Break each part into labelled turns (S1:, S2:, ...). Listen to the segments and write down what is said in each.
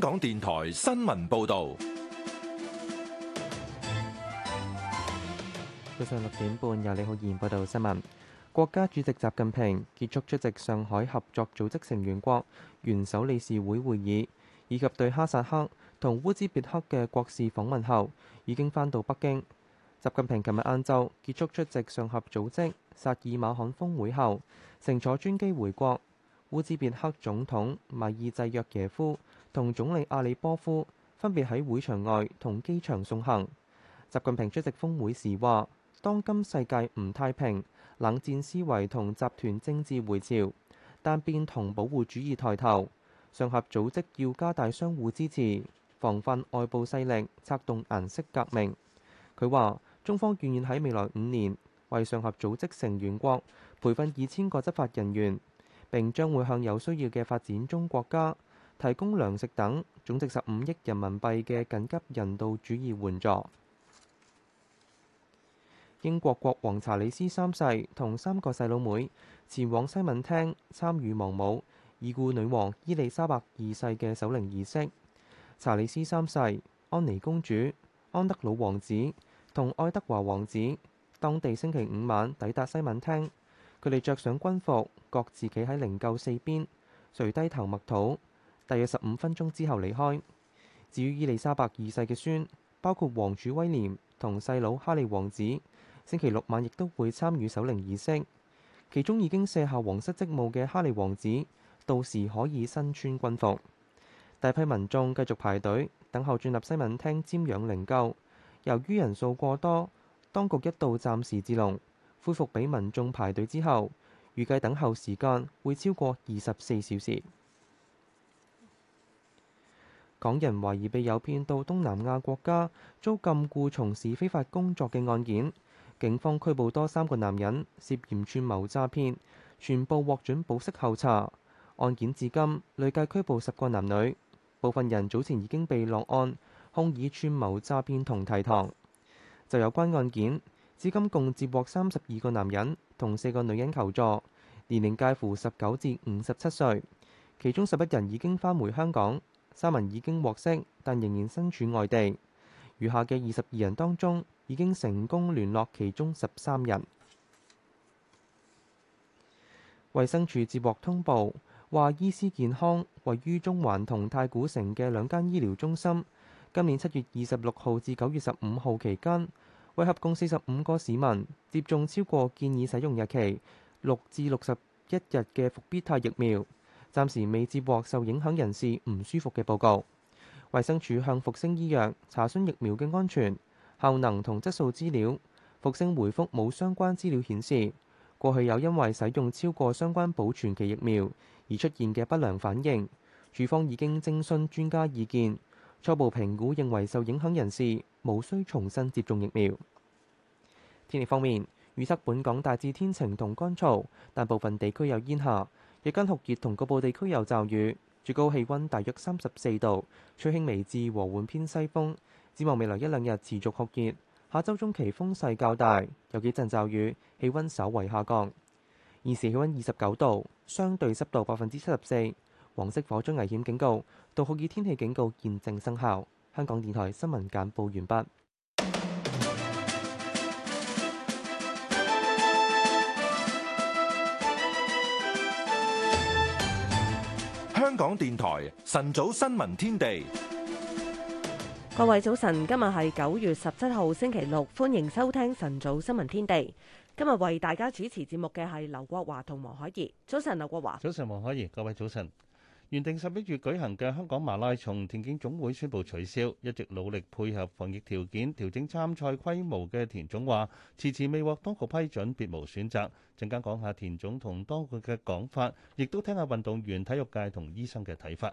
S1: 香港電台新聞報道，
S2: 早上六點半由李浩然報道新聞。國家主席習近平結束出席上海合作組織成員國元首理事會會議以及對哈薩克同烏茲別克嘅國事訪問後，已經返到北京。習近平琴日晏晝結束出席上合組織撒馬爾罕峰會後，乘坐專機回國。烏茲別克總統米爾濟約耶夫，同總理阿里波夫分別喺會場外同機場送行。習近平出席峰會時話，當今世界唔太平，冷戰思維同集團政治回潮，但變同保護主義抬頭。上合組織要加大相互支持，防範外部勢力策動顏色革命。佢話，中方願意喺未來五年為上合組織成員國培訓二千個執法人員，並將會向有需要嘅發展中國家。提供糧食等總值十五億人民幣嘅緊急人道主義援助。英國國王查理斯三世同三個細佬妹前往西敏廳參與亡母已故女王伊麗莎白二世嘅守靈儀式。查理斯三世、安妮公主、安德魯王子同愛德華王子當地星期五晚抵達西敏廳，佢哋着上軍服，各自企喺靈柩四邊，垂低頭默禱。大約十五分鐘之後離開。至於伊利沙伯二世嘅孫，包括王儲威廉同細佬哈利王子，星期六晚亦都會參與守靈儀式。其中已經卸下皇室職務嘅哈利王子，到時可以身穿軍服。大批民眾繼續排隊等候，進入西敏廳瞻仰靈柩。由於人數過多，當局一度暫時截龍，恢復俾民眾排隊之後，預計等候時間會超過二十四小時。港人懷疑被誘騙到東南亞國家遭禁錮從事非法工作嘅案件，警方拘捕多三個男人涉嫌串謀詐騙，全部獲准保釋候查。案件至今累計拘捕十個男女，部分人早前已經被落案，控以串謀詐騙同提堂。就有關案件，至今共接獲三十二個男人同四個女人求助，年齡介乎十九至五十七歲，其中十一人已經返回香港。三人已經獲釋，但仍然身處外地。餘下嘅二十二人當中，已經成功聯絡其中十三人。 衛生署接獲通報，話醫思健康位於中環同太古城嘅兩間醫療中心，今年七月二十六號至九月十五號期間，為合共四十五個市民接種超過建議使用日期六至六十一日嘅復必泰疫苗。暫時未接獲受影響人士唔舒服嘅報告。衛生署向復星醫藥查詢疫苗嘅安全、效能同質素資料。復星回覆冇相關資料顯示，過去有因為使用超過相關保存期疫苗而出現嘅不良反應。署方已經徵詢專家意見，初步評估認為受影響人士無需重新接種疫苗。天氣方面，預測本港大致天晴同乾燥，但部分地區有煙霞。日間酷熱，同局部地區有驟雨，最高氣溫大約三十四度，吹輕微至和緩偏西風。展望未來一兩日持續酷熱，下周中期風勢較大，有幾陣驟雨，氣溫稍為下降。現時氣溫二十九度，相對濕度百分之七十四，黃色火災危險警告，到酷熱天氣警告現正生效。香港電台新聞簡報完畢。
S1: 港電台晨早新聞天地，
S3: 各位早晨，今日係九月十七號星期六，歡迎收聽晨早新聞天地。今日為大家主持節目嘅係劉國華同黃海怡。早晨，劉國華。
S4: 早晨，黃海怡。各位早晨。原定十一月舉行嘅香港馬拉松，田徑總會宣布取消。一直努力配合防疫條件調整參賽規模嘅田總話遲遲未獲當局批准，別無選擇。陣間講下田總同當局嘅講法，亦都聽下運動員、體育界同醫生嘅睇法。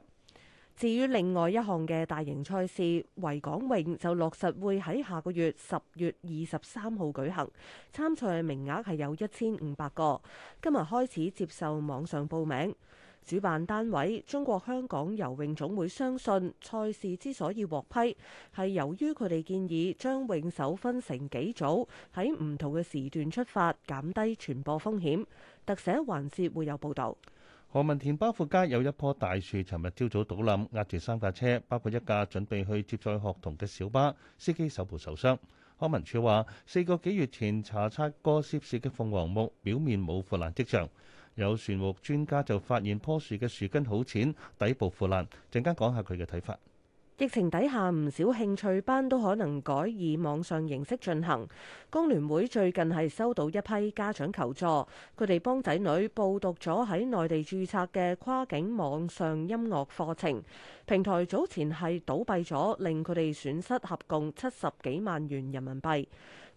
S3: 至於另外一項嘅大型賽事，維港泳就落實會喺下個月十月二十三號舉行，參賽名額係有一千五百個，今日開始接受網上報名。主辦單位中國香港游泳總會相信賽事之所以獲批，係由於佢哋建議將泳手分成幾組，喺唔同嘅時段出發，減低傳播風險。特寫環節會有報導。
S4: 何文田巴富街有一棵大樹，尋日朝早倒冧，壓住三架車，包括一架準備去接載學童嘅小巴，司機手部受傷。康文署話，四個幾月前查測過涉事嘅鳳凰木，表面冇腐爛跡象。有樹木專家就發現樖樹嘅樹根好淺，底部腐爛。陣間講下佢嘅睇法。
S3: 疫情底下唔少興趣班都可能改以網上形式進行。工聯會最近係收到一批家長求助，佢哋幫仔女報讀咗喺內地註冊嘅跨境網上音樂課程平台，早前係倒閉咗，令佢哋損失合共七十幾萬元人民幣。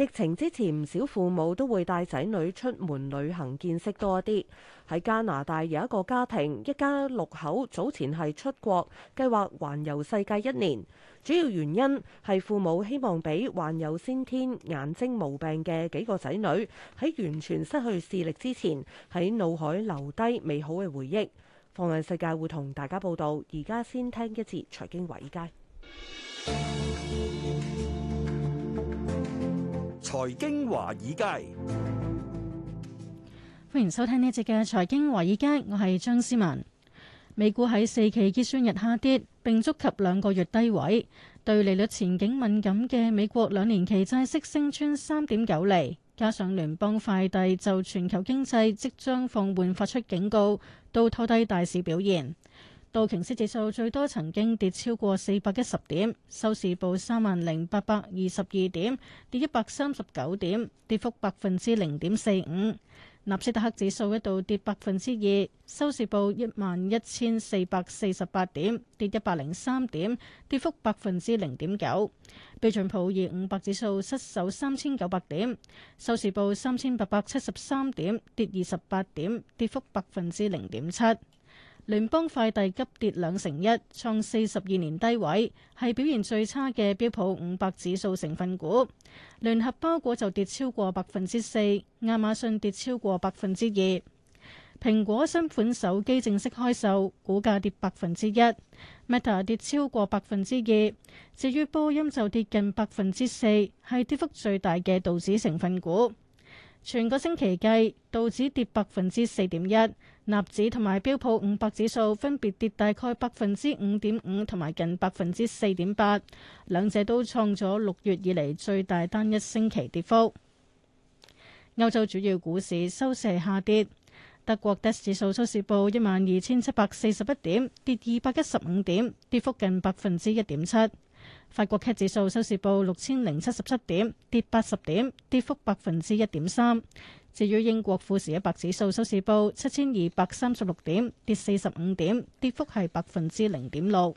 S3: 疫情之前，唔少父母都會帶仔女出門旅行，見識多一啲。喺加拿大有一個家庭，一家六口，早前係出國計劃環遊世界一年。主要原因係父母希望俾患有先天眼睛毛病嘅幾個仔女喺完全失去視力之前，喺腦海留低美好嘅回憶。放眼世界會同大家報道，而家先聽一節財經話解。
S5: 財經華爾街，
S6: 歡迎收聽呢一節嘅財經華爾街，我係張思文。美股喺四期結算日下跌，並觸及兩個月低位，對利率前景敏感嘅美國兩年期債息升穿三點九厘，加上聯邦快遞就全球經濟即將放緩發出警告，都拖低大市表現。道瓊斯指數最多曾經跌超過四百一十點，收市報三萬零八百二十二點，跌一百三十九點，跌幅百分之零點四五。納斯達克指數一度跌百分之二，收市報一萬一千四百四十八點，跌一百零三點，跌幅百分之零點九。標準普爾五百指數失守三千九百點，收市報三千八百七十三點，跌二十八點，跌幅百分之零點七。聯邦快遞急跌兩成一，創四十二年低位，係表現最差嘅標普五百指數成分股。聯合包裹就跌超過百分之四，亞馬遜跌超過百分之二，蘋果新款手機正式開售，股價跌百分之一，Meta 跌超過百分之二，至於波音就跌近百分之四，係跌幅最大嘅道指成分股。全個星期計，道指跌百分之四點一，納指同埋標普五百指數分別跌大概百分之五點五同埋近百分之四點八，兩者都創咗六月以嚟最大單一星期跌幅。歐洲主要股市收市下跌，德國的指數收市報一萬二千七百四十一點，跌二百一十五點，跌幅近百分之一點七。法國 CAC 指數收市報六千零七十七點，跌八十點，跌幅百分之一點三。至於英國富時一百指數收市報七千二百三十六點，跌四十五點，跌幅係百分之零點六。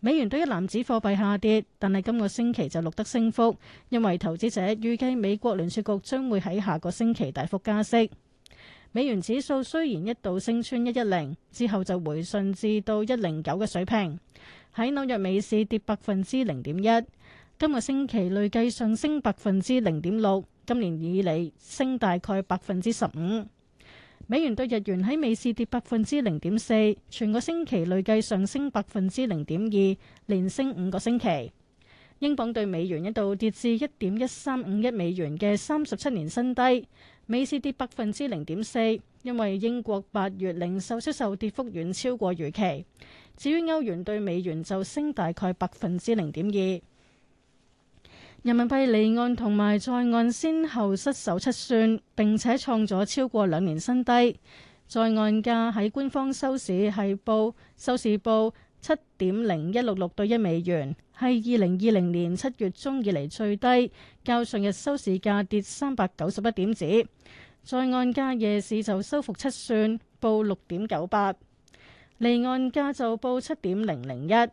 S6: 美元兌一籃子貨幣下跌，但係今個星期就錄得升幅，因為投資者預計美國聯儲局將會喺下個星期大幅加息。美元指數雖然一度升穿一一零，之後就回順至到一零九嘅水平。喺紐約美市跌百分之零點一，今個星期累計上升百分之零點六，今年以嚟升大概百分之十五。美元對日元喺美市跌百分之零點四，全個星期累計上升百分之零點二，連升五個星期。英鎊對美元一度跌至一點一三五一美元嘅三十七年新低，美市跌百分之零點四，因為英國八月零售銷售,售,售跌幅遠超過預期。至於歐元對美元就升大概百分之零點二，人民幣離岸同埋在岸先後失守七算，並且創咗超過兩年新低。在岸價喺官方收市係報收市報七點零一六六對一美元，係二零二零年七月中以嚟最低，較上日收市價跌三百九十一點子。在岸價夜市就收復七算，報六點九八。離岸價就報七點零零一。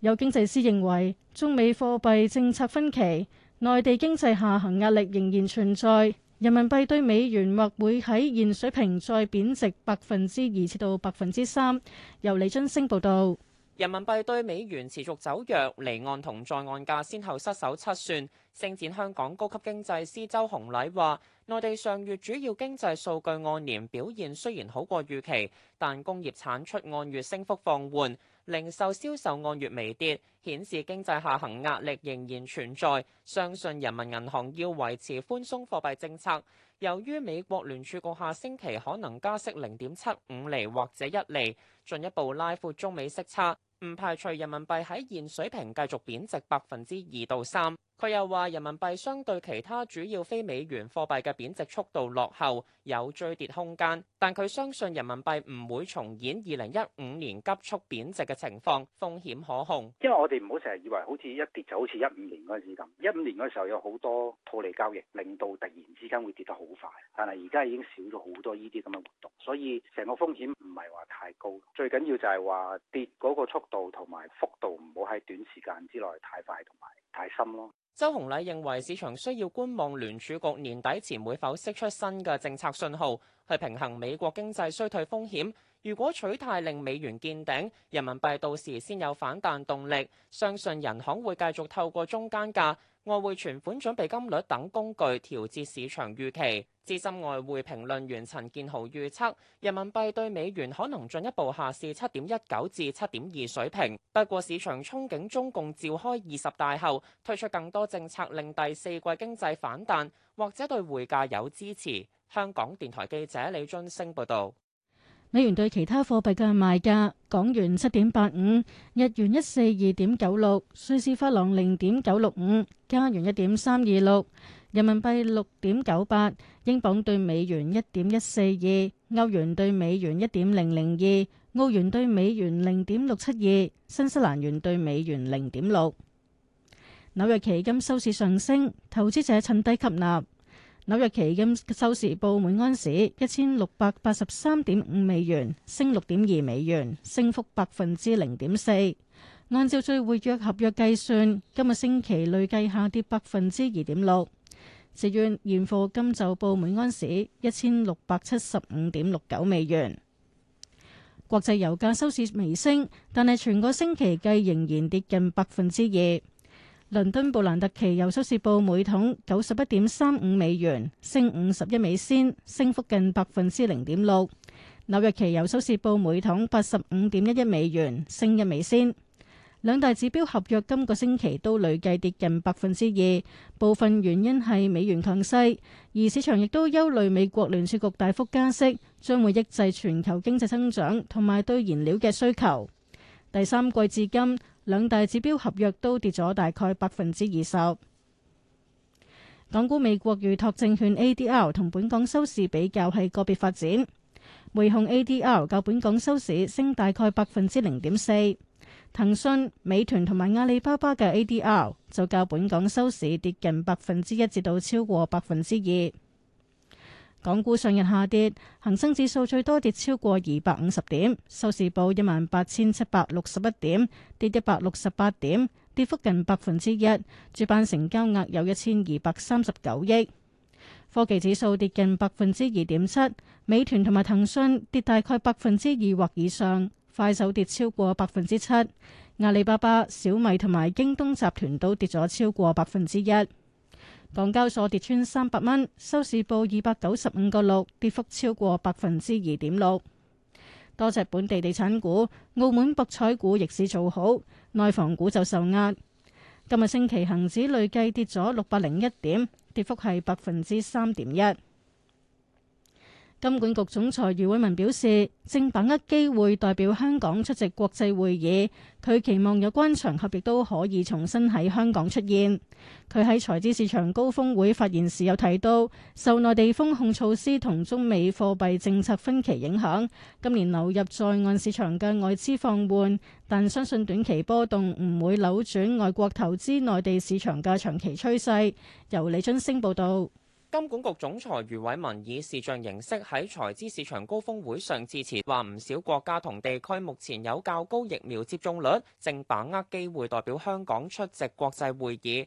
S6: 有經濟師認為，中美貨幣政策分歧，內地經濟下行壓力仍然存在，人民幣對美元或會喺現水平再貶值百分之二至到百分之三。由李津升報導。
S7: 人民幣對美元持續走弱，離岸同在岸價先後失守七算。星展香港高級經濟師周紅禮話，內地上月主要經濟數據按年表現雖然好過預期，但工業產出按月升幅放緩，零售銷售按月微跌，顯示經濟下行壓力仍然存在。相信人民銀行要維持寬鬆貨幣政策。由於美國聯儲局下星期可能加息零點七五厘或者一厘，進一步拉闊中美息差。唔排除人民幣喺現水平繼續貶值百分之二到三。佢又話：人民幣相對其他主要非美元貨幣嘅貶值速度落後，有追跌空間。但佢相信人民幣唔會重演二零一五年急速貶值嘅情況，風險可控。
S8: 因為我哋唔好成日以為好似一跌就好似一五年嗰陣時咁。一五年嗰時候有好多套利交易，令到突然之間會跌得好快。但係而家已經少咗好多呢啲咁嘅活動，所以成個風險唔係話太高。最緊要就係話跌嗰個速度同埋幅度唔好喺短時間之內太快同埋。太
S7: 周洪禮認為，市場需要觀望聯儲局年底前會否釋出新嘅政策信號，去平衡美國經濟衰退風險。如果取態令美元見頂，人民幣到時先有反彈動力。相信人行會繼續透過中間價。外匯存款準備金率等工具調節市場預期。資深外匯評論員陳建豪預測，人民幣對美元可能進一步下試七點一九至七點二水平。不過市場憧憬中共召開二十大後推出更多政策，令第四季經濟反彈，或者對匯價有支持。香港電台記者李津升報道。
S6: 美元對其他貨幣嘅賣價：港元七點八五，日元一四二點九六，瑞士法郎零點九六五，加元一點三二六，人民幣六點九八，英鎊對美元一點一四二，歐元對美元一點零零二，澳元對美元零點六七二，新西蘭元對美元零點六。紐約期金收市上升，投資者趁低吸納。紐約期金收市報每安士一千六百八十三點五美元，升六點二美元，升幅百分之零點四。按照最活躍合約計算，今個星期累計下跌百分之二點六。至於現貨金就報每安士一千六百七十五點六九美元。國際油價收市微升，但係全個星期計仍然跌近百分之二。倫敦布蘭特期油收市報每桶九十一點三五美元，升五十一美仙，升幅近百分之零點六。紐約期油收市報每桶八十五點一一美元，升一美仙。兩大指標合約今個星期都累計跌近百分之二，部分原因係美元強勢，而市場亦都憂慮美國聯儲局大幅加息將會抑制全球經濟增長同埋對燃料嘅需求。第三季至今，兩大指標合約都跌咗大概百分之二十。港股美國預託證券 ADR 同本港收市比較係個別發展，匯控 ADR 較本港收市升大概百分之零點四，騰訊、美團同埋阿里巴巴嘅 ADR 就較本港收市跌近百分之一至到超過百分之二。港股上日下跌，恒生指數最多跌超過二百五十點，收市報一萬八千七百六十一點，跌一百六十八點，跌幅近百分之一。主板成交額有一千二百三十九億。科技指數跌近百分之二點七，美團同埋騰訊跌大概百分之二或以上，快手跌超過百分之七，阿里巴巴、小米同埋京東集團都跌咗超過百分之一。港交所跌穿三百蚊，收市報二百九十五個六，跌幅超過百分之二點六。多隻本地地產股、澳門博彩股逆市做好，內房股就受壓。今日星期恒指累計跌咗六百零一點，跌幅係百分之三點一。金管局總裁余偉文表示，正把握機會代表香港出席國際會議，佢期望有關場合亦都可以重新喺香港出現。佢喺財資市場高峰會發言時有提到，受內地風控措施同中美貨幣政策分歧影響，今年流入在岸市場嘅外資放緩，但相信短期波動唔會扭轉外國投資內地市場嘅長期趨勢。由李春升報道。
S7: 金管局總裁余偉文以視像形式喺財資市場高峰會上致辭，話唔少國家同地區目前有較高疫苗接種率，正把握機會代表香港出席國際會議。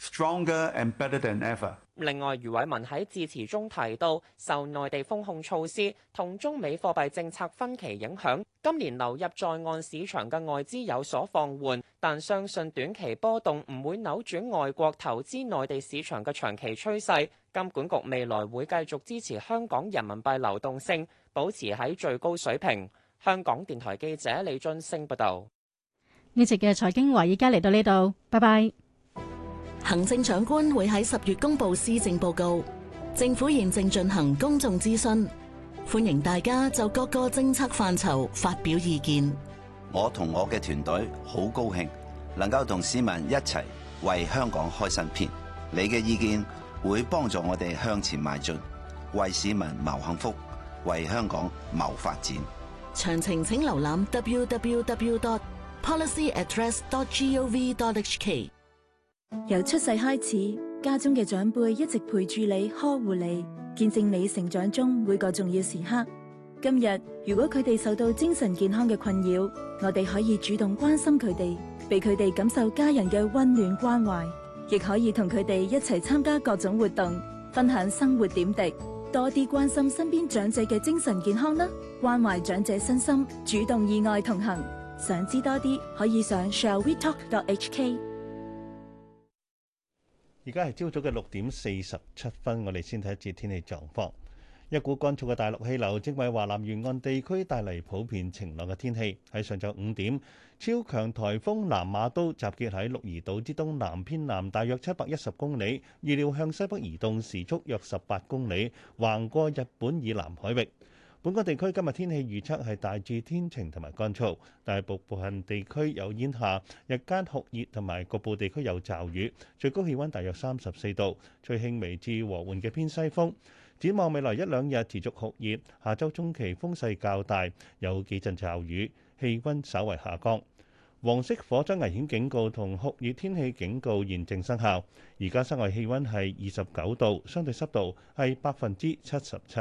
S5: Stronger and better than ever.
S7: 另外，余偉文喺致辭中提到，受內地封控措施同中美貨幣政策分歧影響，今年流入在岸市場嘅外資有所放緩，但相信短期波動唔會扭轉外國投資內地市場嘅長期趨勢。金管局未來會繼續支持香港人民幣流動性，保持喺最高水平。香港電台記者李津星報道：
S6: 「呢集嘅財經話，而家嚟到呢度，拜拜。行政長官會喺十月公布施政報告，政府現正
S9: 進行公眾諮詢，歡迎大家就各個政策範疇發表意見。
S5: 我同我嘅團隊好高興，能夠同市民一齊為香港開新篇。你嘅意見會幫助我哋向前邁進，為市民謀幸福，為香港謀發展。
S6: 詳情請瀏覽 www.policyaddress.gov.hk。
S9: 由出世開始，家中嘅長輩一直陪住你，呵護你，見證你成長中每個重要時刻。今日如果佢哋受到精神健康嘅困擾，我哋可以主動關心佢哋，俾佢哋感受家人嘅温暖關懷，亦可以同佢哋一齊參加各種活動，分享生活點滴，多啲關心身邊長者嘅精神健康啦。關懷長者身心，主動意
S10: 外同行。想知多啲，可以上 shall we talk. hk。
S4: 而家係朝早嘅六點四十七分，我哋先睇一節天氣狀況。一股乾燥嘅大陸氣流正為華南沿岸地區帶嚟普遍晴朗嘅天氣。喺上晝五點，超強颱風南馬都集結喺鹿兒島之東南偏南大約七百一十公里，預料向西北移動，時速約十八公里，橫過日本以南海域。本港地區今日天，天氣預測係大致天晴同埋乾燥，大部部分地區有煙霞。日間酷熱同埋局部地區有驟雨，最高氣溫大約三十四度。吹輕微至和緩嘅偏西風，展望未來一兩日持續酷熱，下周中期風勢較大，有幾陣驟雨，氣溫稍為下降。黃色火災危險警告同酷熱天氣警告現正生效。而家室外氣溫係二十九度，相對濕度係百分之七十七。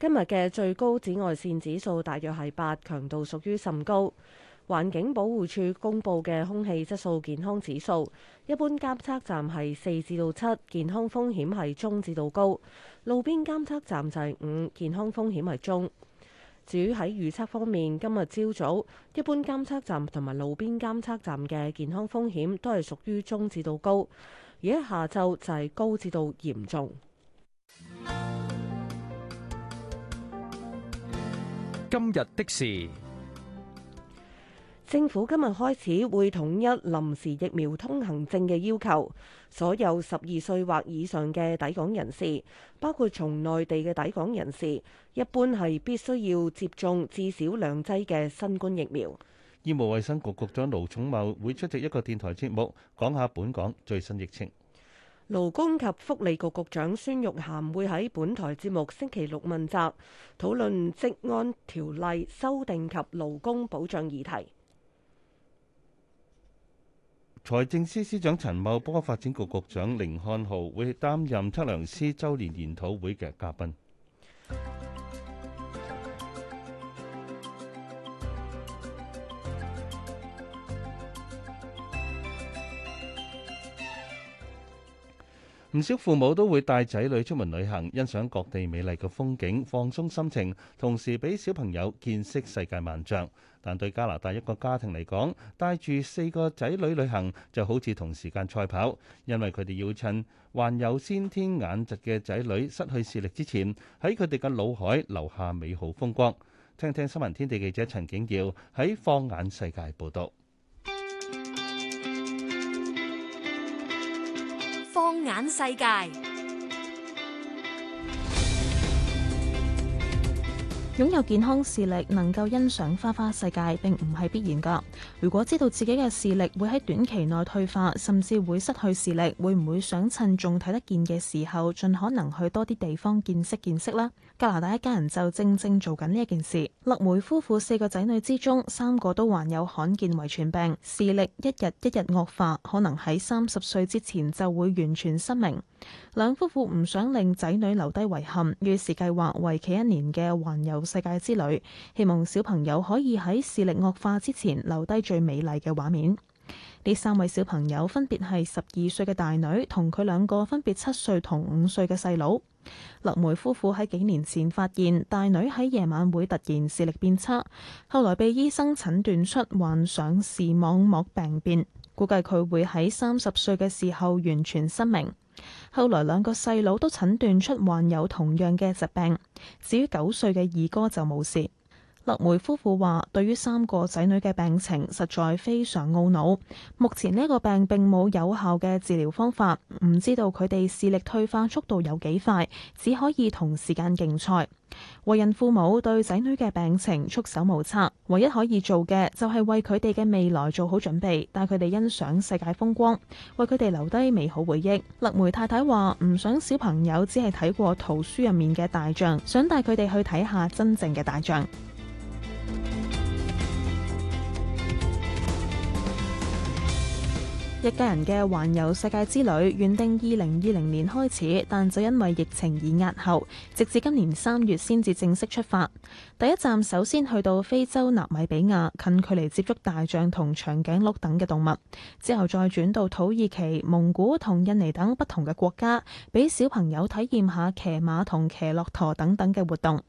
S3: 今日嘅最高紫外線指數大約係八，強度屬於甚高。環境保護署公布嘅空氣質素健康指數，一般監測站係四至到七，健康風險係中至到高；路邊監測站就係五，健康風險係中。至於喺預測方面，今日朝早一般監測站同埋路邊監測站嘅健康風險都係屬於中至到高，而喺下晝就係高至到嚴重。
S11: 今日的事，
S3: 政府今日開始會統一臨時疫苗通行證嘅要求，所有十二歲或以上嘅抵港人士，包括從內地嘅抵港人士，一般係必須要接種至少兩劑嘅新冠疫苗。
S4: 醫務衛生局局長盧寵茂會出席一個電台節目，講下本港最新疫情。
S3: 勞工及福利局局長孫玉菡會喺本台節目星期六問責，討論職安條例修訂及勞工保障議題。
S4: 財政司司長陳茂波、發展局局長甯漢豪會擔任測量師周年研討會嘅嘉賓。唔少父母都會帶仔女出門旅行，欣賞各地美麗嘅風景，放鬆心情，同時俾小朋友見識世界萬象。但對加拿大一個家庭嚟講，帶住四個仔女旅行就好似同時間賽跑，因為佢哋要趁患有先天眼疾嘅仔女失去視力之前，喺佢哋嘅腦海留下美好風光。聽聽新聞天地記者陳景耀喺《放眼世界》報道。
S10: 放眼世界。
S9: 擁有健康視力能夠欣賞花花世界，並唔係必然噶。如果知道自己嘅視力會喺短期內退化，甚至會失去視力，會唔會想趁仲睇得見嘅時候，盡可能去多啲地方見識見識呢？加拿大一家人就正正做緊呢一件事。勒梅夫婦四個仔女之中，三個都患有罕見遺傳病，視力一日一日惡化，可能喺三十歲之前就會完全失明。兩夫婦唔想令仔女留低遺憾，於是計劃為期一年嘅環遊世界之旅，希望小朋友可以喺視力惡化之前留低最美麗嘅畫面。呢三位小朋友分別係十二歲嘅大女同佢兩個分別七歲同五歲嘅細佬。勒梅夫婦喺幾年前發現大女喺夜晚會突然視力變差，後來被醫生診斷出患上視網膜病變，估計佢會喺三十歲嘅時候完全失明。後來兩個細佬都診斷出患有同樣嘅疾病，至於九歲嘅二哥就冇事。勒梅夫婦話：對於三個仔女嘅病情，實在非常懊惱。目前呢個病並冇有效嘅治療方法，唔知道佢哋視力退化速度有幾快，只可以同時間競賽。為人父母對仔女嘅病情束手無策，唯一可以做嘅就係為佢哋嘅未來做好準備，帶佢哋欣賞世界風光，為佢哋留低美好回憶。勒梅太太話：唔想小朋友只係睇過圖書入面嘅大象，想帶佢哋去睇下真正嘅大象。一家人嘅環遊世界之旅原定二零二零年開始，但就因為疫情而押後，直至今年三月先至正式出發。第一站首先去到非洲納米比亞，近距離接觸大象同長頸鹿等嘅動物，之後再轉到土耳其、蒙古同印尼等不同嘅國家，俾小朋友體驗下騎馬同騎駱駝等等嘅活動。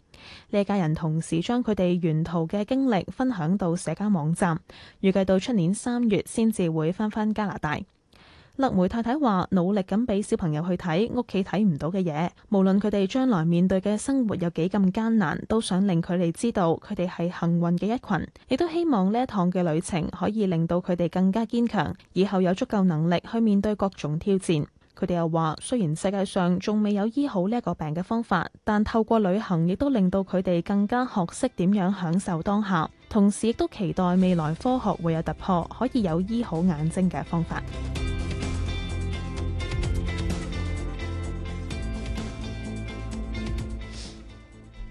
S9: 呢家人同時將佢哋沿途嘅經歷分享到社交網站，預計到出年三月先至會返返加拿大。勒梅太太話：努力咁俾小朋友去睇屋企睇唔到嘅嘢，無論佢哋將來面對嘅生活有幾咁艱難，都想令佢哋知道佢哋係幸運嘅一群。亦都希望呢一趟嘅旅程可以令到佢哋更加堅強，以後有足夠能力去面對各種挑戰。佢哋又話，雖然世界上仲未有醫好呢一個病嘅方法，但透過旅行，亦都令到佢哋更加學識點樣享受當下，同時亦都期待未來科學會有突破，可以有醫好眼睛嘅方法。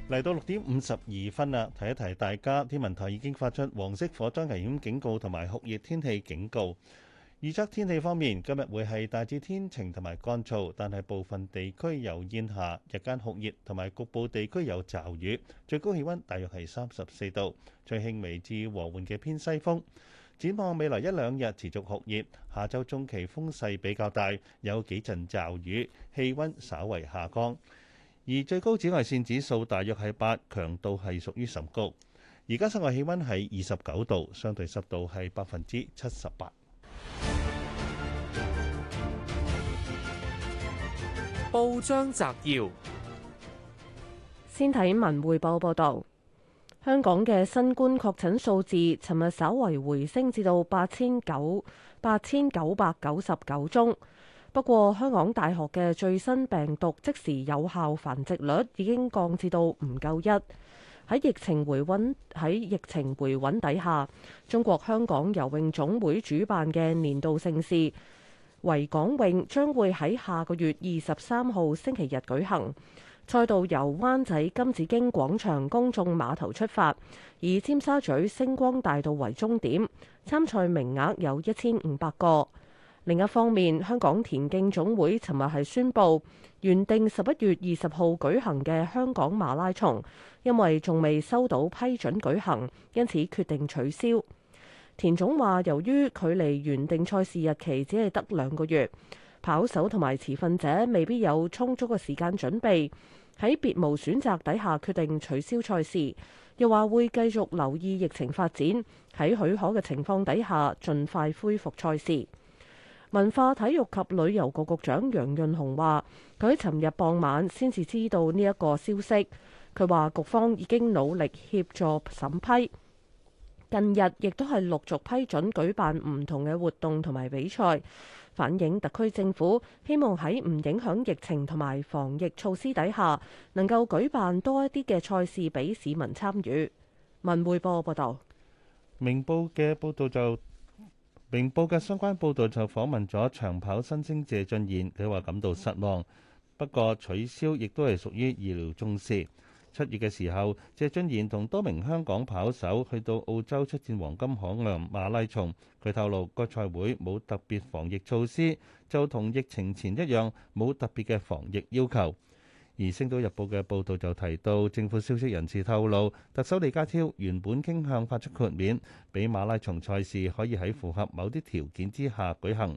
S4: 嚟到六點五十二分啦，提一提大家，天文台已經發出黃色火災危險警告同埋酷熱天氣警告。預測天氣方面，今日會係大致天晴同埋乾燥，但係部分地區有煙霞，日間酷熱，同埋局部地區有驟雨。最高氣溫大約係三十四度，最輕微至和緩嘅偏西風。展望未來一兩日持續酷熱，下周中期風勢比較大，有幾陣驟雨，氣溫稍為下降。而最高紫外線指數大約係八，強度係屬於甚高。而家室外氣溫係二十九度，相對濕度係百分之七十八。報章摘要，
S3: 先睇文匯報報道，香港嘅新冠確診數字，尋日稍為回升至到八千九八千九百九十九宗。不過，香港大學嘅最新病毒即時有效繁殖率已經降至到唔夠一。喺疫情回溫喺疫情回穩底下，中國香港游泳總會主辦嘅年度盛事。維港泳將會喺下個月二十三號星期日舉行，賽道由灣仔金紫荊廣場公眾碼頭出發，以尖沙咀星光大道為終點。參賽名額有一千五百個。另一方面，香港田徑總會尋日係宣佈，原定十一月二十號舉行嘅香港馬拉松，因為仲未收到批准舉行，因此決定取消。田總話：由於距離原定賽事日期只係得兩個月，跑手同埋持份者未必有充足嘅時間準備，喺別無選擇底下決定取消賽事。又話會繼續留意疫情發展，喺許可嘅情況底下，盡快恢復賽事。文化體育及旅遊局局長楊潤雄話：佢喺尋日傍晚先至知道呢一個消息。佢話局方已經努力協助審批。近日亦都係陸續批准舉辦唔同嘅活動同埋比賽，反映特區政府希望喺唔影響疫情同埋防疫措施底下，能夠舉辦多一啲嘅賽事俾市民參與。文匯報報，報道：
S4: 明報報道「明報嘅報導就明報嘅相關報導就訪問咗長跑新星謝俊賢，佢話感到失望，不過取消亦都係屬於意料中事。七月嘅時候，謝俊賢同多名香港跑手去到澳洲出戰黃金海岸馬拉松。佢透露，國賽會冇特別防疫措施，就同疫情前一樣冇特別嘅防疫要求。而《星島日報》嘅報導就提到，政府消息人士透露，特首李家超原本傾向發出豁免，俾馬拉松賽事可以喺符合某啲條件之下舉行。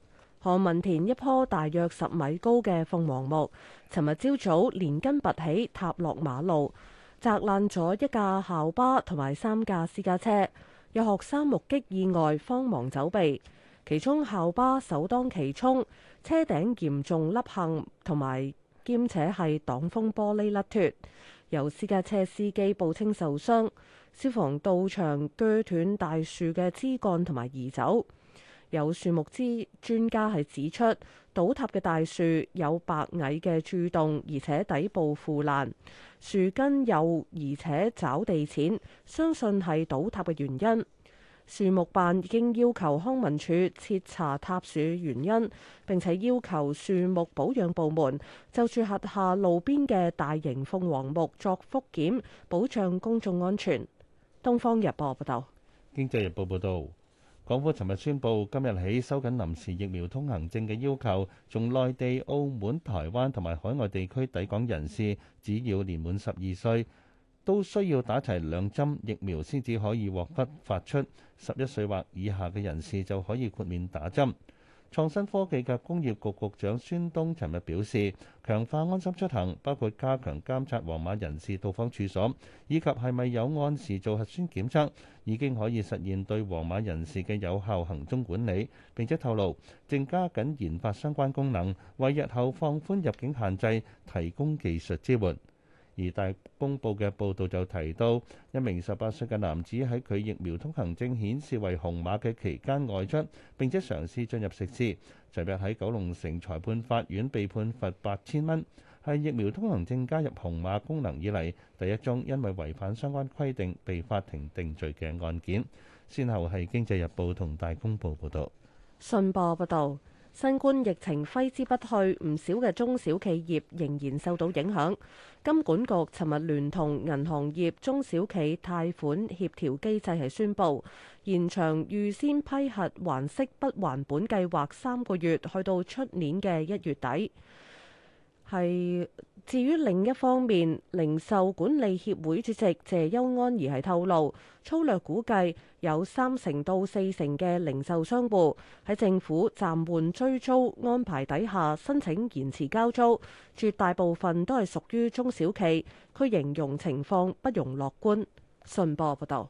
S3: 何文田一棵大約十米高嘅鳳凰木，尋日朝早連根拔起，塌落馬路，砸爛咗一架校巴同埋三架私家車，有學生目擊意外，慌忙走避。其中校巴首當其衝，車頂嚴重凹陷，同埋兼且係擋風玻璃甩脱。有私家車司機報稱受傷，消防到場鋸斷大樹嘅枝幹同埋移走。有樹木之專家係指出，倒塌嘅大樹有白蟻嘅蛀洞，而且底部腐爛，樹根又而且找地淺，相信係倒塌嘅原因。樹木辦已經要求康文署徹查塌樹原因，並且要求樹木保養部門就住轄下路邊嘅大型鳳凰木作復檢，保障公眾安全。《東方日報》報道。
S4: 《經濟日報》報道。港府尋日宣布，今日起收緊臨時疫苗通行證嘅要求，從內地、澳門、台灣同埋海外地區抵港人士，只要年滿十二歲，都需要打齊兩針疫苗先至可以獲得發出；十一歲或以下嘅人士就可以豁免打針。創新科技及工業局局長孫東尋日表示，強化安心出行，包括加強監察黃碼人士到訪處所，以及係咪有按時做核酸檢測，已經可以實現對黃碼人士嘅有效行蹤管理。並且透露，正加緊研發相關功能，為日後放寬入境限制提供技術支援。而大公報嘅報導就提到，一名十八歲嘅男子喺佢疫苗通行證顯示為紅碼嘅期間外出，並且嘗試進入食肆。昨日喺九龍城裁判法院被判罰八千蚊，係疫苗通行證加入紅碼功能以嚟第一宗因為違反相關規定被法庭定罪嘅案件。先後係《經濟日報》同《大公報》報導。
S3: 信報報道。新冠疫情揮之不去，唔少嘅中小企業仍然受到影響。金管局尋日聯同銀行業中小企貸款協調機制係宣布，延長預先批核還息不還本計劃三個月，去到出年嘅一月底。係。至於另一方面，零售管理協會主席謝優安而係透露，粗略估計有三成到四成嘅零售商戶喺政府暫緩追租安排底下申請延遲交租，絕大部分都係屬於中小企。佢形容情況不容樂觀。信報報道。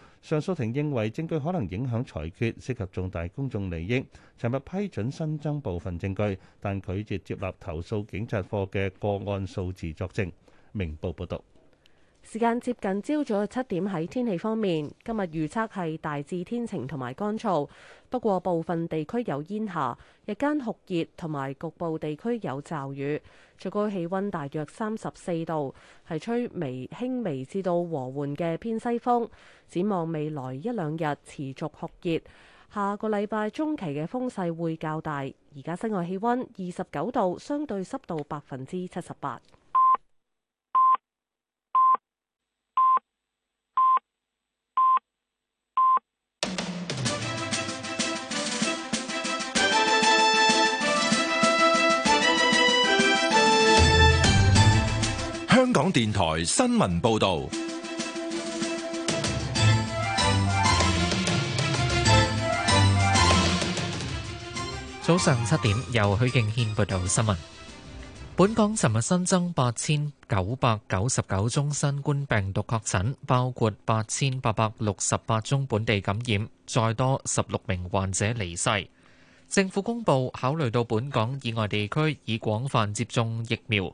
S4: 上訴庭認為證據可能影響裁決，涉及重大公眾利益，尋日批准新增部分證據，但拒絕接納投訴警察課嘅個案數字作證。明報報道。
S3: 時間接近朝早嘅七點，喺天氣方面，今日預測係大致天晴同埋乾燥，不過部分地區有煙霞。日間酷熱同埋局部地區有驟雨，最高氣温大約三十四度，係吹微輕微至到和緩嘅偏西風。展望未來一兩日持續酷熱，下個禮拜中期嘅風勢會較大。而家室外氣温二十九度，相對濕度百分之七十八。
S1: 香港電台新聞報道，
S12: 早上七點由許敬軒報道新聞。本港尋日新增八千九百九十九宗新冠病毒確診，包括八千八百六十八宗本地感染，再多十六名患者離世。政府公布，考慮到本港以外地區已廣泛接種疫苗，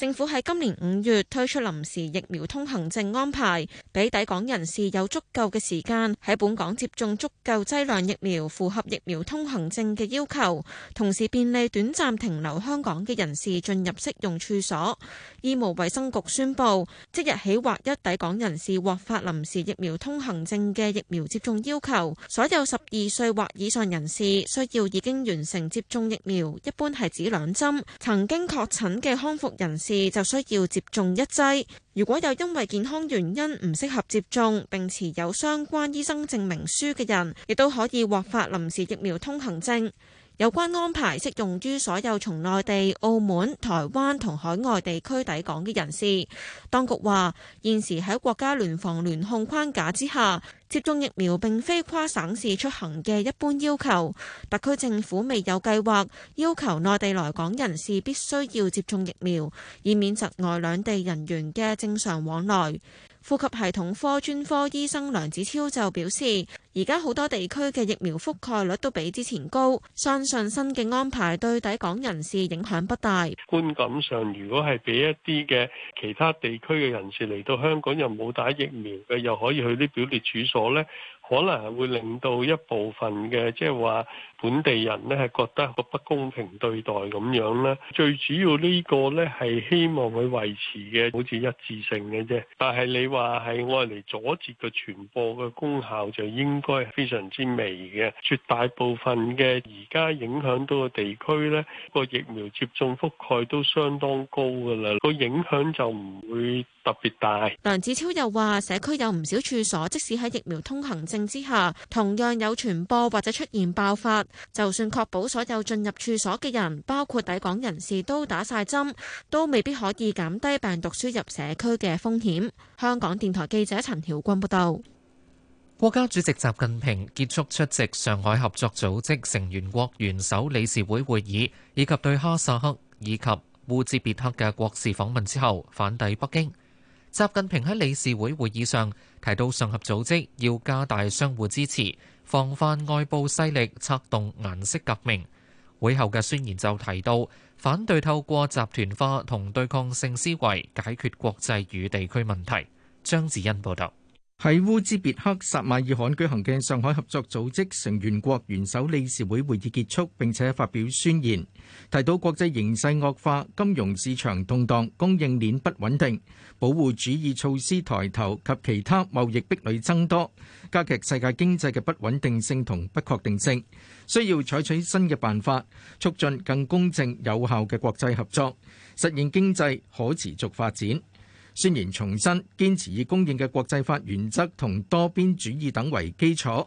S10: 政府喺今年5月推出臨時疫苗通行證安排，俾抵港人士有足夠的時間，在本港接種足夠劑量疫苗，符合疫苗通行證的要求，同時便利短暫停留香港的人士進入適用處所。醫務衛生局宣布，即日起或一抵港人士獲發臨時疫苗通行證的疫苗接種要求。所有12歲或以上人士需要已經完成接種疫苗，一般係指兩針，曾經確診的康復人士就需要接種一劑。如果有因為健康原因唔適合接種，並持有相關醫生證明書嘅人，亦都可以獲發臨時疫苗通行證。有關安排適用於所有從內地、澳門、台灣同海外地區抵港嘅人士。當局話，現時喺國家聯防聯控框架之下，接種疫苗並非跨省市出行嘅一般要求。特區政府未有計劃要求內地來港人士必須要接種疫苗，以免窒礙兩地人員嘅正常往來。呼吸系統科專科醫生梁子超就表示，而家好多地區嘅疫苗覆蓋率都比之前高，相信新嘅安排對抵港人士影響不大。
S13: 觀感上，如果係俾一啲嘅其他地區嘅人士嚟到香港又冇打疫苗嘅，又可以去啲表列處所呢。可能係會令到一部分嘅即係話本地人呢，係覺得個不公平對待咁樣啦。最主要呢個呢，係希望佢維持嘅好似一致性嘅啫。但係你話係愛嚟阻截嘅傳播嘅功效，就應該係非常之微嘅。絕大部分嘅而家影響到嘅地區呢，個疫苗接種覆蓋都相當高㗎啦。個影響就唔會特別大。
S10: 梁子超又話：社區有唔少處所，即使喺疫苗通行證之下，同樣有傳播或者出現爆發。就算確保所有進入處所嘅人，包括抵港人士，都打晒針，都未必可以減低病毒輸入社區嘅風險。香港電台記者陳曉君報道。
S12: 國家主席習近平結束出席上海合作組織成員國元首理事會會議，以及對哈薩克以及烏茲別克嘅國事訪問之後，返抵北京。習近平喺理事會會議上提到，上合組織要加大相互支持，防範外部勢力策動顏色革命。會後嘅宣言就提到，反對透過集團化同對抗性思維解決國際與地區問題。張子欣報道。
S14: 喺烏茲別克薩馬爾罕舉行嘅上海合作組織成員國元首理事會會議結束，並且發表宣言，提到國際形勢惡化、金融市場動盪、供應鏈不穩定、保護主義措施抬頭及其他貿易壁壘增多，加劇世界經濟嘅不穩定性同不確定性，需要採取新嘅辦法，促進更公正有效嘅國際合作，實現經濟可持續發展。宣言重申，堅持以公認嘅國際法原則同多邊主義等為基礎，